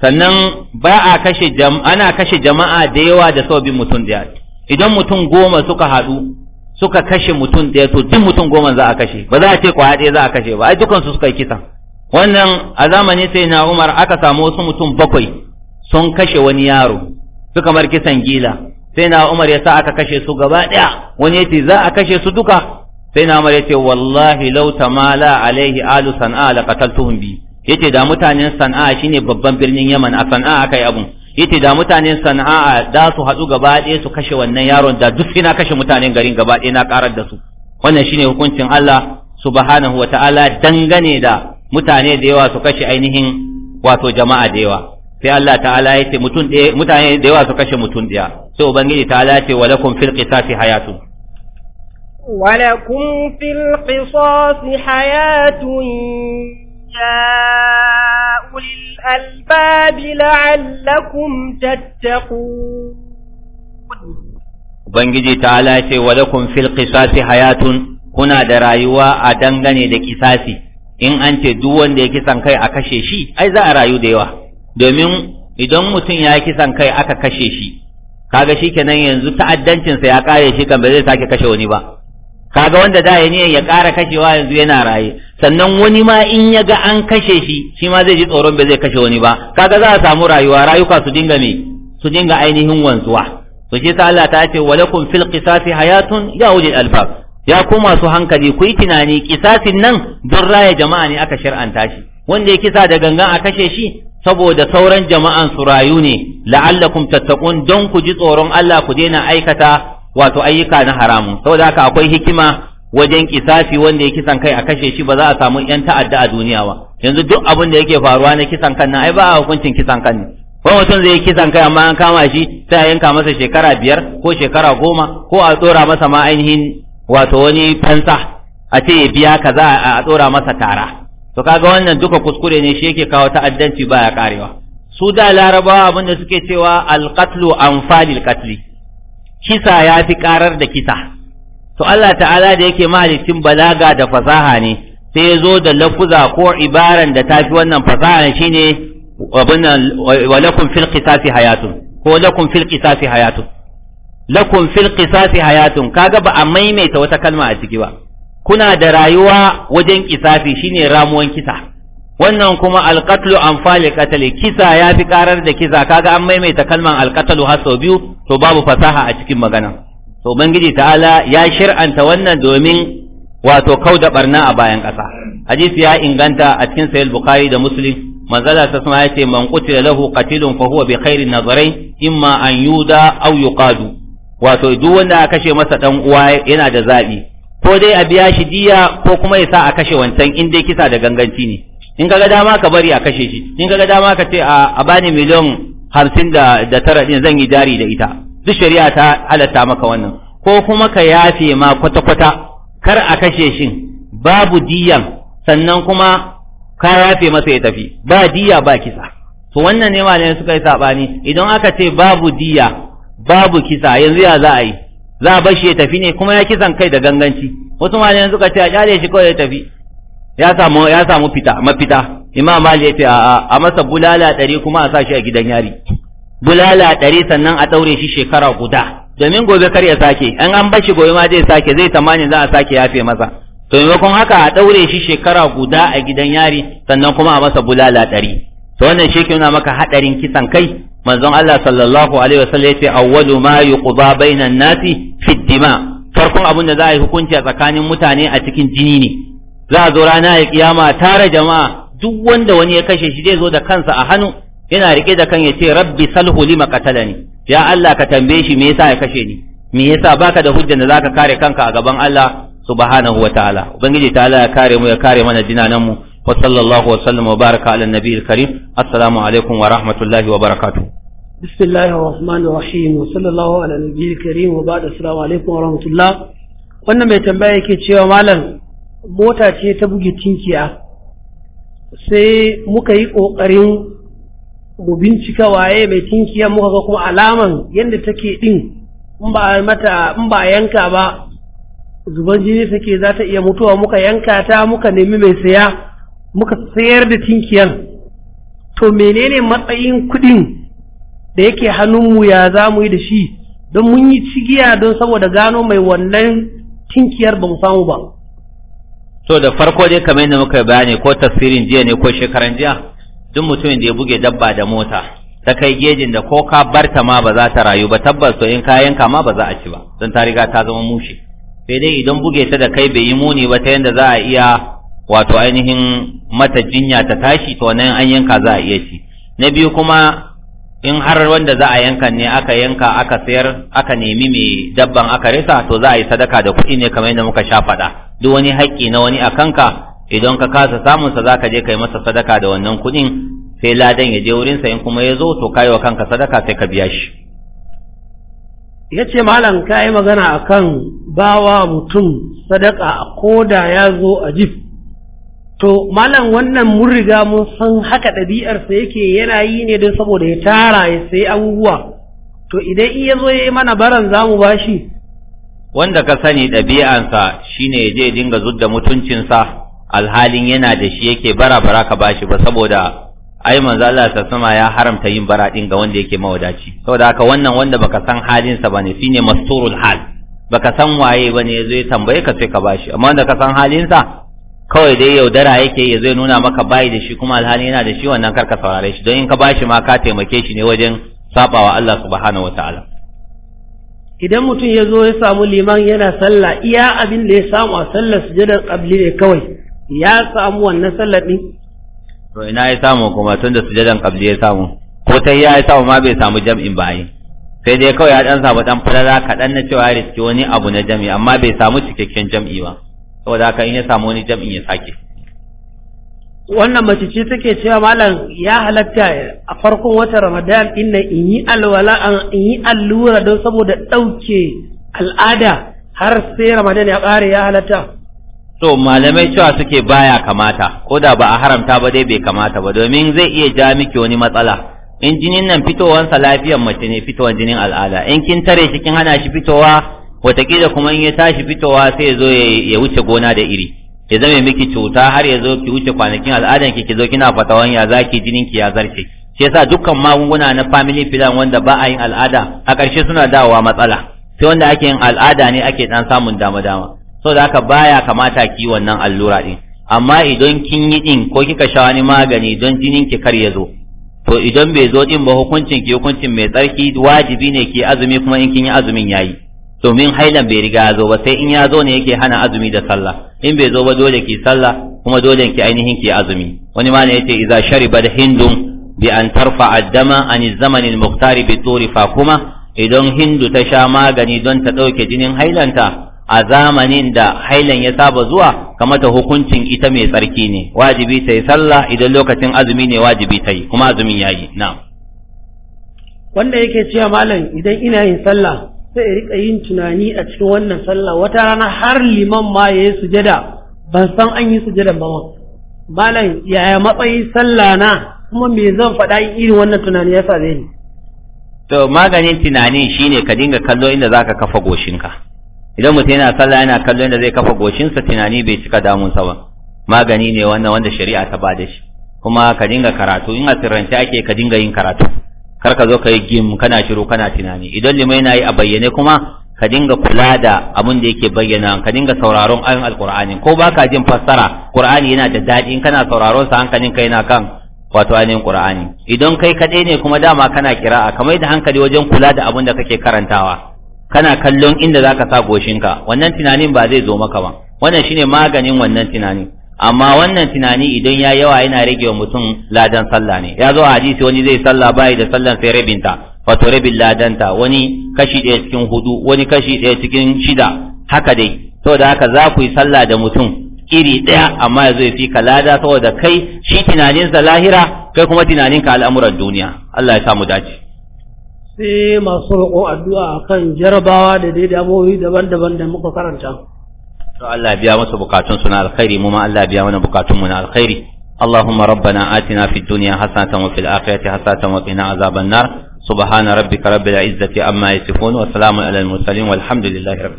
sannan ba a kashe ana kashe jama'a da yawa da sababin mutum daya idan mutum goma suka haɗu suka kashe mutum daya to duk mutum goma za a kashe ba za a ce kwaya ɗaya za a kashe ba ai dukan su suka yi kisan wannan a zamanin sai na Umar aka samu wasu mutum bakwai sun kashe wani yaro suka mar kisan gila sai na Umar ya sa aka kashe su gaba ɗaya wani ya ce za a kashe su duka sai na Umar ya ce wallahi lauta tamala alaihi alu san'a la qataltuhum bi yace da mutanen sana'a shine babban birnin yaman a sana'a aka yi abun yace da mutanen sana'a da su hadu gaba ɗaya su kashe wannan yaron da duk ina kashe mutanen garin gaba ɗaya na karar da su wannan shine hukuncin Allah subhanahu ta'ala dangane da mutane da yawa su kashe ainihin wato jama'a da yawa sai Allah ta'ala yace mutun mutane da yawa su kashe mutum ɗaya sai ubangiji ta'ala yace ce walakum fil qisasi hayatu walakum fil qisasi hayatun يا أولي الألباب لعلكم تتقون Ubangiji ta ce wa lakum fil qisasi hayatun kuna da rayuwa a dangane da kisasi in an ce duk wanda ya kisan kai a kashe shi ai za a rayu da yawa domin idan mutum ya kisan kai aka kashe shi kaga shikenan yanzu ta'addancin sa ya kare shi kan ba zai sake kashe wani ba kaga wanda da ya niyan ya ƙara kashewa yanzu yana raye sannan wani ma in ya ga an kashe shi shi ma zai ji tsoron bai zai kashe wani ba kaga za a samu rayuwa rayuka su dinga me su dinga ainihin wanzuwa to shi sa Allah ta ce walakum fil qisasi hayatun ya wuje albab ya kuma su hankali ku yi tunani kisasin nan don raya jama'a ne aka shar'anta shi wanda ya kisa da gangan a kashe shi saboda sauran jama'an su rayu ne la'allakum tattaqun don ku ji tsoron Allah ku daina aikata wato ayyuka na haramun saboda haka akwai hikima wajen kisafi wanda ya kisan kai a kashe shi ba za a samu yan ta'adda a duniya ba yanzu duk abin da yake faruwa na kisan kan nan ai ba a hukuncin kisan kan ne ko mutum zai yi kisan kai amma an kama shi sai a yanka masa shekara biyar ko shekara goma ko a tsora masa ma ainihin wato wani fansa a ce ya biya kaza a tsora masa tara to kaga wannan duka kuskure ne shi yake kawo ta'addanci baya karewa su da larabawa abin da suke cewa alqatlu anfalil qatli kisa ya fi karar da kisa to Allah ta'ala da yake mahalicin balaga da fasaha ne sai ya zo da lafuza ko ibaran da tafi wannan fasaha shine abin walakum fil qisasi hayatun ko lakum fil qisasi hayatun lakum fil qisasi hayatun kaga ba a maimaita wata kalma a ciki ba kuna da rayuwa wajen kisafi shine ramuwan kisa wannan kuma alqatlu an fali kisa ya fi karar da kisa kaga an maimaita kalman alqatlu har sau biyu to babu fasaha a cikin magana to ubangiji ta'ala ya shir'anta wannan domin wato kau da barna a bayan ƙasa hadisi ya inganta a cikin sahih bukhari da muslim manzala ta sama yace man qutila lahu qatilun fa huwa bi khairi nazarain imma an yuda aw yuqadu wato duk wanda aka kashe masa dan uwa yana da zabi ko dai a biya shi diya ko kuma ya sa a kashe wancan in dai kisa da ganganci ne in kaga dama ka bari a kashe shi in kaga dama ka ce a bani miliyan hamsin da tara din zan yi jari da ita duk shari'a ta halatta maka wannan ko kuma ka yafe ma kwata-kwata kar a kashe shi babu diyan sannan kuma ka yafe masa ya tafi ba diya ba kisa to wannan ne malamai suka yi sabani idan aka ce babu diya babu kisa yanzu ya za a yi za a bar shi ya tafi ne kuma ya kisan kai da ganganci wasu malamai suka ce a kyale shi kawai ya tafi ya samu ya samu fita mafita imam mali ya ce a a masa bulala ɗari kuma a sa shi a gidan yari bulala ɗari sannan a ɗaure shi shekara guda domin gobe kar ya sake an an bashi gobe ma zai sake zai tamani za a sake yafe masa to maimakon haka a ɗaure shi shekara guda a gidan yari sannan kuma a masa bulala ɗari to wannan shi ke nuna maka haɗarin kisan kai manzon Allah sallallahu alaihi wasallam yace awwalu ma yuqda bainan nasi fi dima farkon abin da za a yi hukunci a tsakanin mutane a cikin jini ne za a zo rana ya kiyama tare jama'a duk wanda wani ya kashe shi zai zo da kansa a hannu yana rike da kan ya ce rabbi salhu lima qatalani ya Allah ka tambaye shi me yasa ya kashe ni me yasa baka da hujja da zaka kare kanka a gaban Allah subhanahu wa ta'ala ubangiji ta'ala ya kare mu ya kare mana dinanan mu wa sallallahu wa sallam wa baraka ala nabiyil karim assalamu alaikum wa rahmatullahi wa barakatuh بسم الله الرحمن الرحيم وصلى الله على نبينا الكريم وبعد السلام عليكم ورحمه الله wannan mai tambaya yake cewa malam mota ce ta buge tinkiya sai muka yi ƙoƙarin mu bincika waye mai tinkiya muka ga kuma alaman yadda take ɗin in ba a yanka ba zuban jini take za ta iya mutuwa muka yanka ta muka nemi mai saya muka sayar da tinkiyar to menene matsayin kuɗin da yake hannunmu ya za mu yi da shi don mun yi cigiya don saboda gano mai wannan tinkiyar ba mu samu ba to da farko dai kamar yadda muka bayani ko tasirin jiya ne ko shekaran jiya duk mutumin da ya buge dabba da mota ta kai gejin da ko ka barta ma ba za ta rayu ba tabbas to in kayan ka ma ba za a ci ba don ta riga ta zama mushi sai dai idan buge ta da kai bai yi muni ba ta yadda za a iya wato ainihin mata jinya ta tashi to nan an yanka za a iya ci na biyu kuma in har wanda za a yanka ne aka yanka aka sayar aka nemi mai dabban aka rasa to za a yi sadaka da kuɗi ne kamar yadda muka sha faɗa duk wani haƙƙi na wani a kanka idan ka kasa samunsa za ka je ka yi masa sadaka da wannan kuɗin sai ladan ya je wurinsa in kuma ya zo to yi wa kanka sadaka sai ka biya shi ya ce malam ka yi magana a kan bawa mutum sadaka a koda ya zo a jif to malam wannan mun riga mun san haka ɗabi'arsa yake yana yi ne don saboda ya tara ya sai abubuwa to idan iya zo ya yi mana baran za mu bashi wanda ka sani ɗabi'ansa shine je dinga zudda mutuncinsa alhalin yana da shi yake bara bara ka bashi ba saboda ai manzo Allah ta sama ya haramta yin bara din ga wanda yake mawadaci saboda haka wannan wanda baka san halinsa bane shine masturul hal baka san waye bane yazo ya tambaye ka sai ka bashi amma wanda ka san halinsa kawai dai yaudara yake ya zai nuna maka bayi da shi kuma alhali yana da shi wannan karka saurare shi don in ka bashi ma ka taimake shi ne wajen sabawa Allah subhanahu wataala idan mutum ya zo ya samu liman yana sallah iya abin da ya samu a sallar sujadar qabli ne kawai ya samu wannan sallar din to ina ya samu kuma tun da sujadan qabli ya samu ko ta ya samu ma bai samu jam'in ba yi sai dai kawai ya dan samu dan fara kaɗan na cewa ya riski wani abu na jam'i amma bai samu cikakken jam'i ba saboda haka in ya samu wani jam'in ya sake wannan mace ce take cewa malam ya halatta a farkon watan ramadan inna in yi alwala in yi allura don saboda ɗauke al'ada har sai ramadan ya ƙare ya halatta to malamai cewa suke baya kamata ko da ba a haramta ba dai bai kamata ba domin zai iya ja miki wani matsala in jinin nan fitowansa lafiyan mace ne fitowan jinin al'ada in kin tare shi kin hana shi fitowa watakila kuma in ya tashi fitowa sai ya zo ya wuce gona da iri ya zame miki cuta har ya zo ki wuce kwanakin al'adan ki ki zo kina fatawan ya zaki jinin ki ya zarce shi yasa dukkan magunguna na family plan wanda ba a yin al'ada a ƙarshe suna dawowa matsala sai wanda ake yin al'ada ne ake dan samun dama dama saboda haka baya kamata ki yi wannan allura din amma idan kin yi din ko kika sha wani magani don jinin ki kar ya zo to idan bai zo din ba hukuncin ki hukuncin mai tsarki wajibi ne ki azumi kuma in kin yi azumin yayi domin hailan bai riga ya zo ba sai in ya zo ne yake hana azumi da sallah in bai zo ba dole ki sallah kuma dole ki ainihin ki azumi wani ma ne yace iza shariba hindun bi an tarfa addama an zaman al muqtari bi turi fa kuma idan hindu ta sha magani don ta dauke jinin hailanta a zamanin da hailan ya saba zuwa kamata hukuncin ita mai tsarki ne wajibi ta yi sallah idan lokacin azumi ne wajibi ta yi kuma azumin yayi na'am wanda yake cewa malam idan ina yin sallah sai ya rika yin tunani a cikin wannan sallah wata rana har liman ma ya yi sujada ban san an yi sujada ba ma malam yaya matsayi sallah na kuma me zan faɗa irin wannan tunani ya same ni to maganin tunanin shine ka dinga kallo inda zaka kafa goshinka idan mutum yana sallah yana kallo inda zai kafa goshinsa tunani bai cika damun sa ba magani ne wannan wanda shari'a ta da shi kuma ka dinga karatu in a sirrance ake ka dinga yin karatu kar ka zo ka yi gim kana shiru kana tunani idan limai yana yi a bayyane kuma ka dinga kula da abin da yake bayyana ka dinga sauraron ayin alkur'ani ko ba ka jin fassara qur'ani yana da daɗi in kana sauraron sa hankalin ka yana kan wato ainihin qur'ani idan kai kaɗai ne kuma dama kana kira'a kamar da hankali wajen kula da abin da kake karantawa kana kallon inda zaka sa goshinka wannan tunanin ba zai zo maka ba wannan shine maganin wannan tunanin amma wannan tunani idan ya yawa yana rage wa mutum ladan sallah ne ya zo a hadisi wani zai sallah bai da sallan sai rabinta wato rabin ladanta wani kashi ɗaya cikin hudu wani kashi ɗaya cikin shida haka dai saboda haka za ku yi sallah da mutum iri ɗaya amma ya zai fi ka lada saboda kai shi tunaninsa lahira kai kuma tunaninka al'amuran duniya Allah ya sa mu dace sai masu roƙon addu'a kan jarabawa da dai abubuwa daban-daban da muka karanta to Allah biya masa bukatun su na alkhairi mu ma Allah biya mana bukatun mu na alkhairi اللهم ربنا آتنا في الدنيا حسنة وفي الآخرة حسنة وقنا عذاب النار سبحان ربك رب العزة أما يصفون وسلام على المرسلين والحمد لله رب العالمين